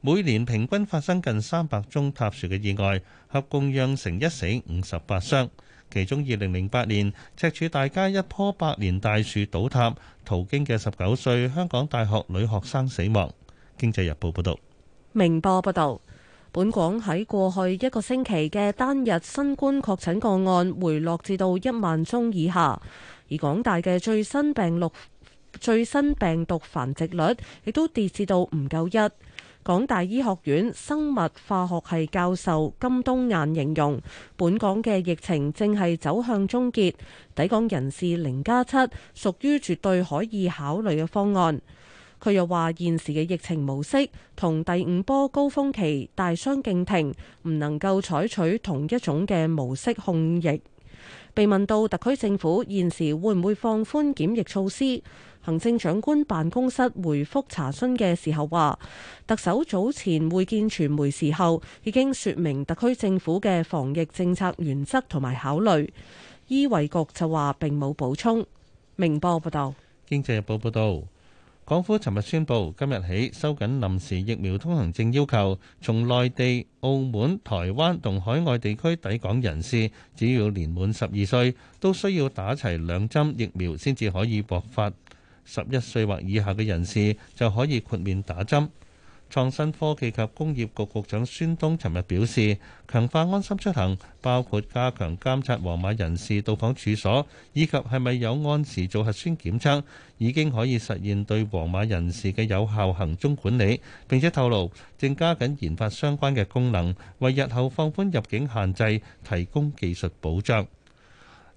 S4: 每年平均發生近三百宗塌樹嘅意外，合共釀成一死五十八傷。其中二零零八年，赤柱大街一棵百年大樹倒塌，途經嘅十九歲香港大學女學生死亡。經濟日報報導，
S3: 明報報導。本港喺過去一個星期嘅單日新冠確診個案回落至到一萬宗以下，而港大嘅最新病毒最新病毒繁殖率亦都跌至到唔夠一。港大醫學院生物化學系教授金冬雁形容，本港嘅疫情正係走向終結，抵港人士零加七屬於絕對可以考慮嘅方案。佢又話：現時嘅疫情模式同第五波高峰期大相徑庭，唔能夠採取同一種嘅模式控疫，疫。被問到特區政府現時會唔會放寬檢疫措施，行政長官辦公室回覆查詢嘅時候話：特首早前會見傳媒時候已經説明特區政府嘅防疫政策原則同埋考慮。醫衞局就話並冇補充。明報報道。
S4: 《經濟日報》報導。港府尋日宣布，今日起收緊臨時疫苗通行證要求，從內地、澳門、台灣同海外地區抵港人士，只要年滿十二歲，都需要打齊兩針疫苗先至可以獲發；十一歲或以下嘅人士就可以豁免打針。創新科技及工業局局長孫東尋日表示，強化安心出行，包括加強監察黃碼人士到訪處所，以及係咪有按時做核酸檢測，已經可以實現對黃碼人士嘅有效行蹤管理。並且透露，正加緊研發相關嘅功能，為日後放寬入境限制提供技術保障。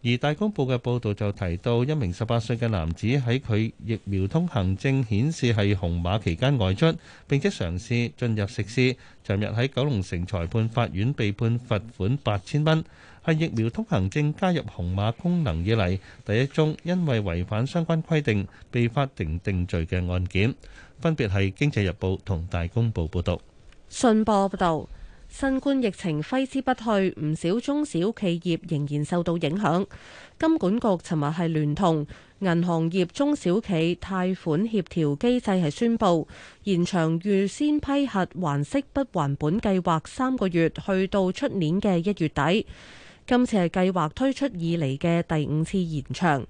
S4: 而大公報嘅報導就提到，一名十八歲嘅男子喺佢疫苗通行證顯示係紅碼期間外出，並且嘗試進入食肆。尋日喺九龍城裁判法院被判罰款八千蚊，係疫苗通行證加入紅碼功能以嚟第一宗因為違反相關規定被法庭定，定罪嘅案件。分別係《經濟日報》同《大公報》報導。
S3: 信報報導。新冠疫情揮之不去，唔少中小企業仍然受到影響。金管局尋日係聯同銀行業中小企貸款協調機制係宣佈，延長預先批核還息不還本計劃三個月，去到出年嘅一月底。今次係計劃推出以嚟嘅第五次延長。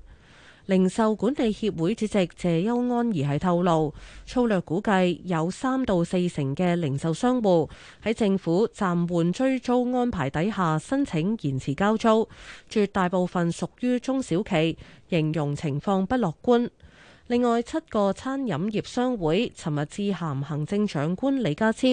S3: 零售管理協會主席謝邱安儀係透露，粗略估計有三到四成嘅零售商戶喺政府暫緩追租安排底下申請延遲交租，絕大部分屬於中小企，形容情況不樂觀。另外，七個餐飲業商會尋日致函行政長官李家超，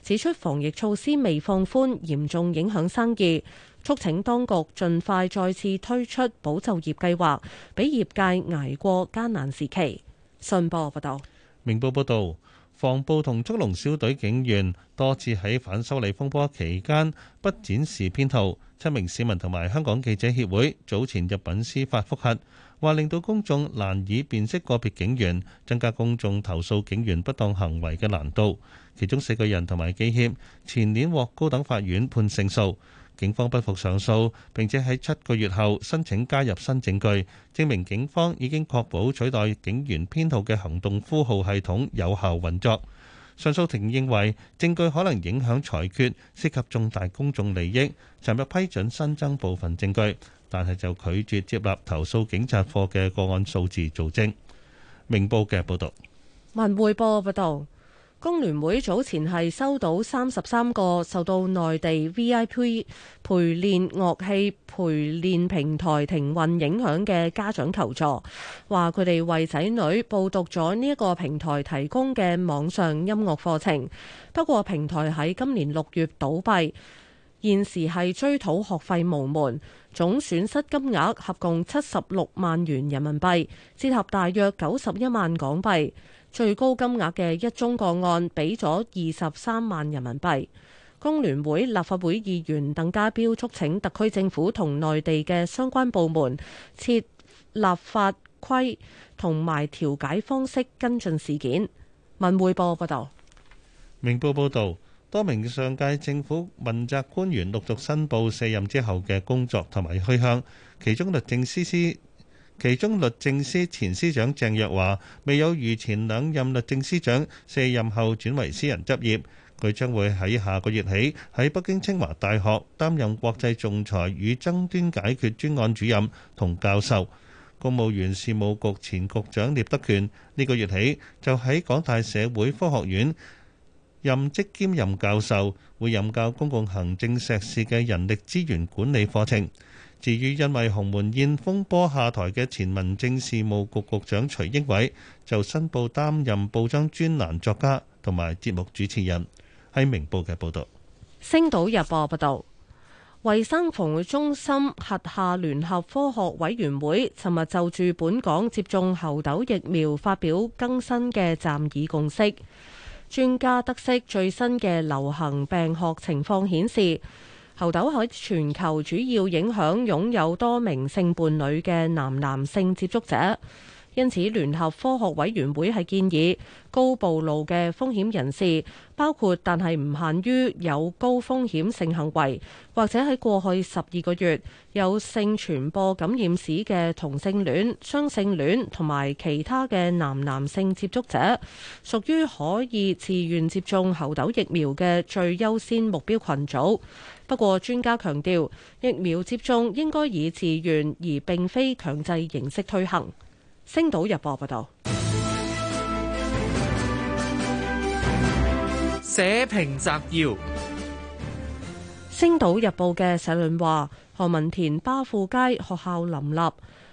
S3: 指出防疫措施未放寬，嚴重影響生意。促請當局盡快再次推出保就業計劃，俾業界捱過艱難時期。信報報道：
S4: 「明報報道，防暴同速龍小隊警員多次喺反修例風波期間不展示編號，七名市民同埋香港記者協會早前入禀司法覆核，話令到公眾難以辨識個別警員，增加公眾投訴警員不當行為嘅難度。其中四個人同埋記協前年獲高等法院判勝訴。警方不服上訴，並且喺七個月後申請加入新證據，證明警方已經確保取代警員編號嘅行動呼號系統有效運作。上訴庭認為證據可能影響裁決，涉及重大公眾利益，尋日批准新增部分證據，但係就拒絕接納投訴警察課嘅個案數字做證。明報嘅報道，
S3: 文匯報報道。工聯會早前係收到三十三個受到內地 VIP 陪練樂器陪練平台停運影響嘅家長求助，話佢哋為仔女報讀咗呢一個平台提供嘅網上音樂課程，不過平台喺今年六月倒閉，現時係追討學費無門。總損失金額合共七十六萬元人民幣，折合大約九十一萬港幣。最高金額嘅一宗個案，俾咗二十三萬人民幣。工聯會立法會議員鄧家彪促請特區政府同內地嘅相關部門設立法規同埋調解方式跟進事件。文匯報報道，
S4: 明報報道。多名上屆政府問責官員陸續申報卸任之後嘅工作同埋去向，其中律政司司其中律政司前司長鄭若驊未有如前兩任律政司長卸任後轉為私人執業，佢將會喺下個月起喺北京清華大學擔任國際仲裁與爭端解決專案主任同教授。公務員事務局前局長聶德權呢個月起就喺港大社會科學院。任職兼任教授，會任教公共行政碩士嘅人力資源管理課程。至於因為鴻門宴風波下台嘅前民政事務局局長徐英偉，就申報擔任報章專欄作家同埋節目主持人。喺《明報》嘅報道。
S3: 星島日報報導，衞生防護中心轄下聯合科學委員會，尋日就住本港接種猴痘疫苗發表更新嘅暫議共識。專家得悉最新嘅流行病學情況顯示，猴痘喺全球主要影響擁有多名性伴侶嘅男男性接觸者。因此，聯合科學委員會係建議高暴露嘅風險人士，包括但係唔限於有高風險性行為，或者喺過去十二個月有性傳播感染史嘅同性戀雙性戀同埋其他嘅男男性接觸者，屬於可以自願接種猴痘疫苗嘅最優先目標群組。不過專家強調疫苗接種應該以自願而並非強制形式推行。星島日報報道，社評摘要。星島日報嘅社論話：何文田巴富街學校林立，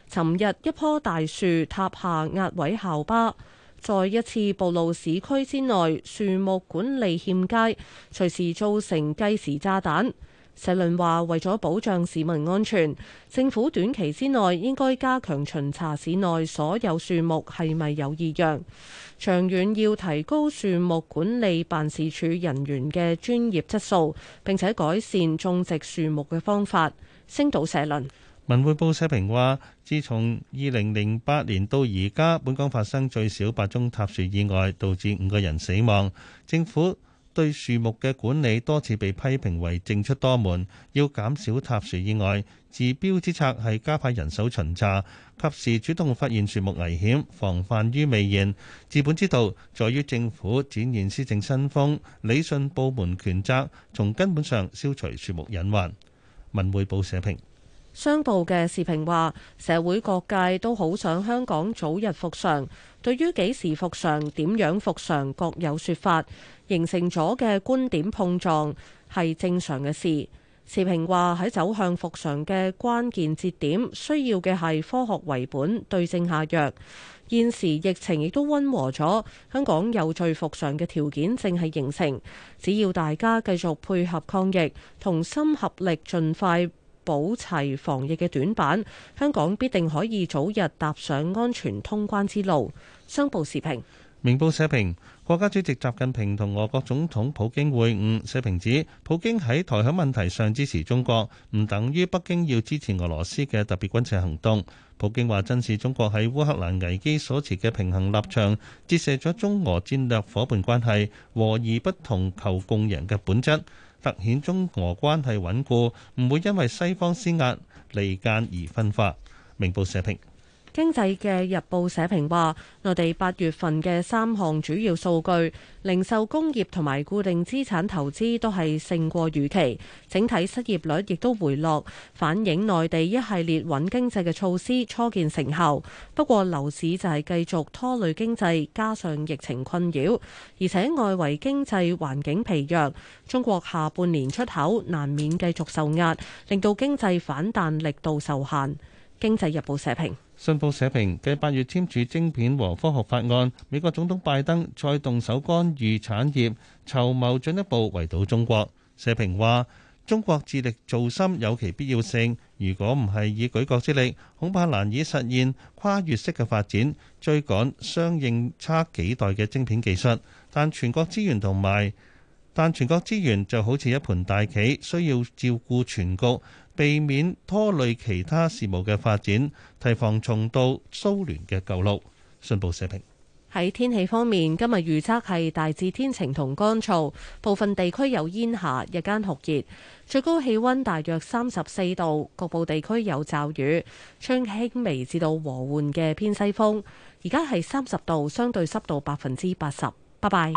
S3: 尋日一棵大樹塔下壓毀校巴，再一次暴露市區之內樹木管理欠佳，隨時造成計時炸彈。社論話：為咗保障市民安全，政府短期之內應該加強巡查市內所有樹木係咪有異樣，長遠要提高樹木管理辦事處人員嘅專業質素，並且改善種植樹木嘅方法。星島社論，
S4: 《文匯報》社評話：自從二零零八年到而家，本港發生最少八宗塌樹意外，導致五個人死亡，政府，對樹木嘅管理多次被批評為政出多門，要減少塌樹意外，治標之策係加派人手巡查，及時主動發現樹木危險，防範於未然。治本之道，在於政府展現施政新風，理順部門權責，從根本上消除樹木隱患。文匯報社
S3: 評，商報嘅時評話，社會各界都好想香港早日復常，對於幾時復常、點樣復常，各有說法。形成咗嘅觀點碰撞係正常嘅事。時評話喺走向復常嘅關鍵節點，需要嘅係科學為本、對症下藥。現時疫情亦都溫和咗，香港有序復常嘅條件正係形成。只要大家繼續配合抗疫，同心合力，盡快補齊防疫嘅短板，香港必定可以早日踏上安全通關之路。商報時評、
S4: 明報社評。國家主席習近平同俄國總統普京會晤，社評指普京喺台海問題上支持中國，唔等於北京要支持俄羅斯嘅特別軍事行動。普京話：珍視中國喺烏克蘭危機所持嘅平衡立場，折射咗中俄戰略伙伴關係和而不同求共贏嘅本質，突顯中俄關係穩固，唔會因為西方施壓離間而分化。明報社評。
S3: 經濟嘅日報社評話，內地八月份嘅三項主要數據，零售、工業同埋固定資產投資都係勝過預期，整體失業率亦都回落，反映內地一系列穩經濟嘅措施初見成效。不過，樓市就係繼續拖累經濟，加上疫情困擾，而且外圍經濟環境疲弱，中國下半年出口難免繼續受壓，令到經濟反彈力度受限。經濟日報社評，
S4: 信報社評，繼八月簽署晶片和科學法案，美國總統拜登再動手干預產業，籌謀進一步圍堵中國。社評話：中國致力造芯有其必要性，如果唔係以舉國之力，恐怕難以實現跨越式嘅發展，追趕相應差幾代嘅晶片技術。但全國資源同埋，但全國資源就好似一盤大棋，需要照顧全局。避免拖累其他事務嘅發展，提防重蹈蘇聯嘅舊路。信報社評：
S3: 喺天氣方面，今日預測係大致天晴同乾燥，部分地區有煙霞，日間酷熱，最高氣溫大約三十四度，局部地區有驟雨，吹輕微至到和緩嘅偏西風。而家係三十度，相對濕度百分之八十。拜拜。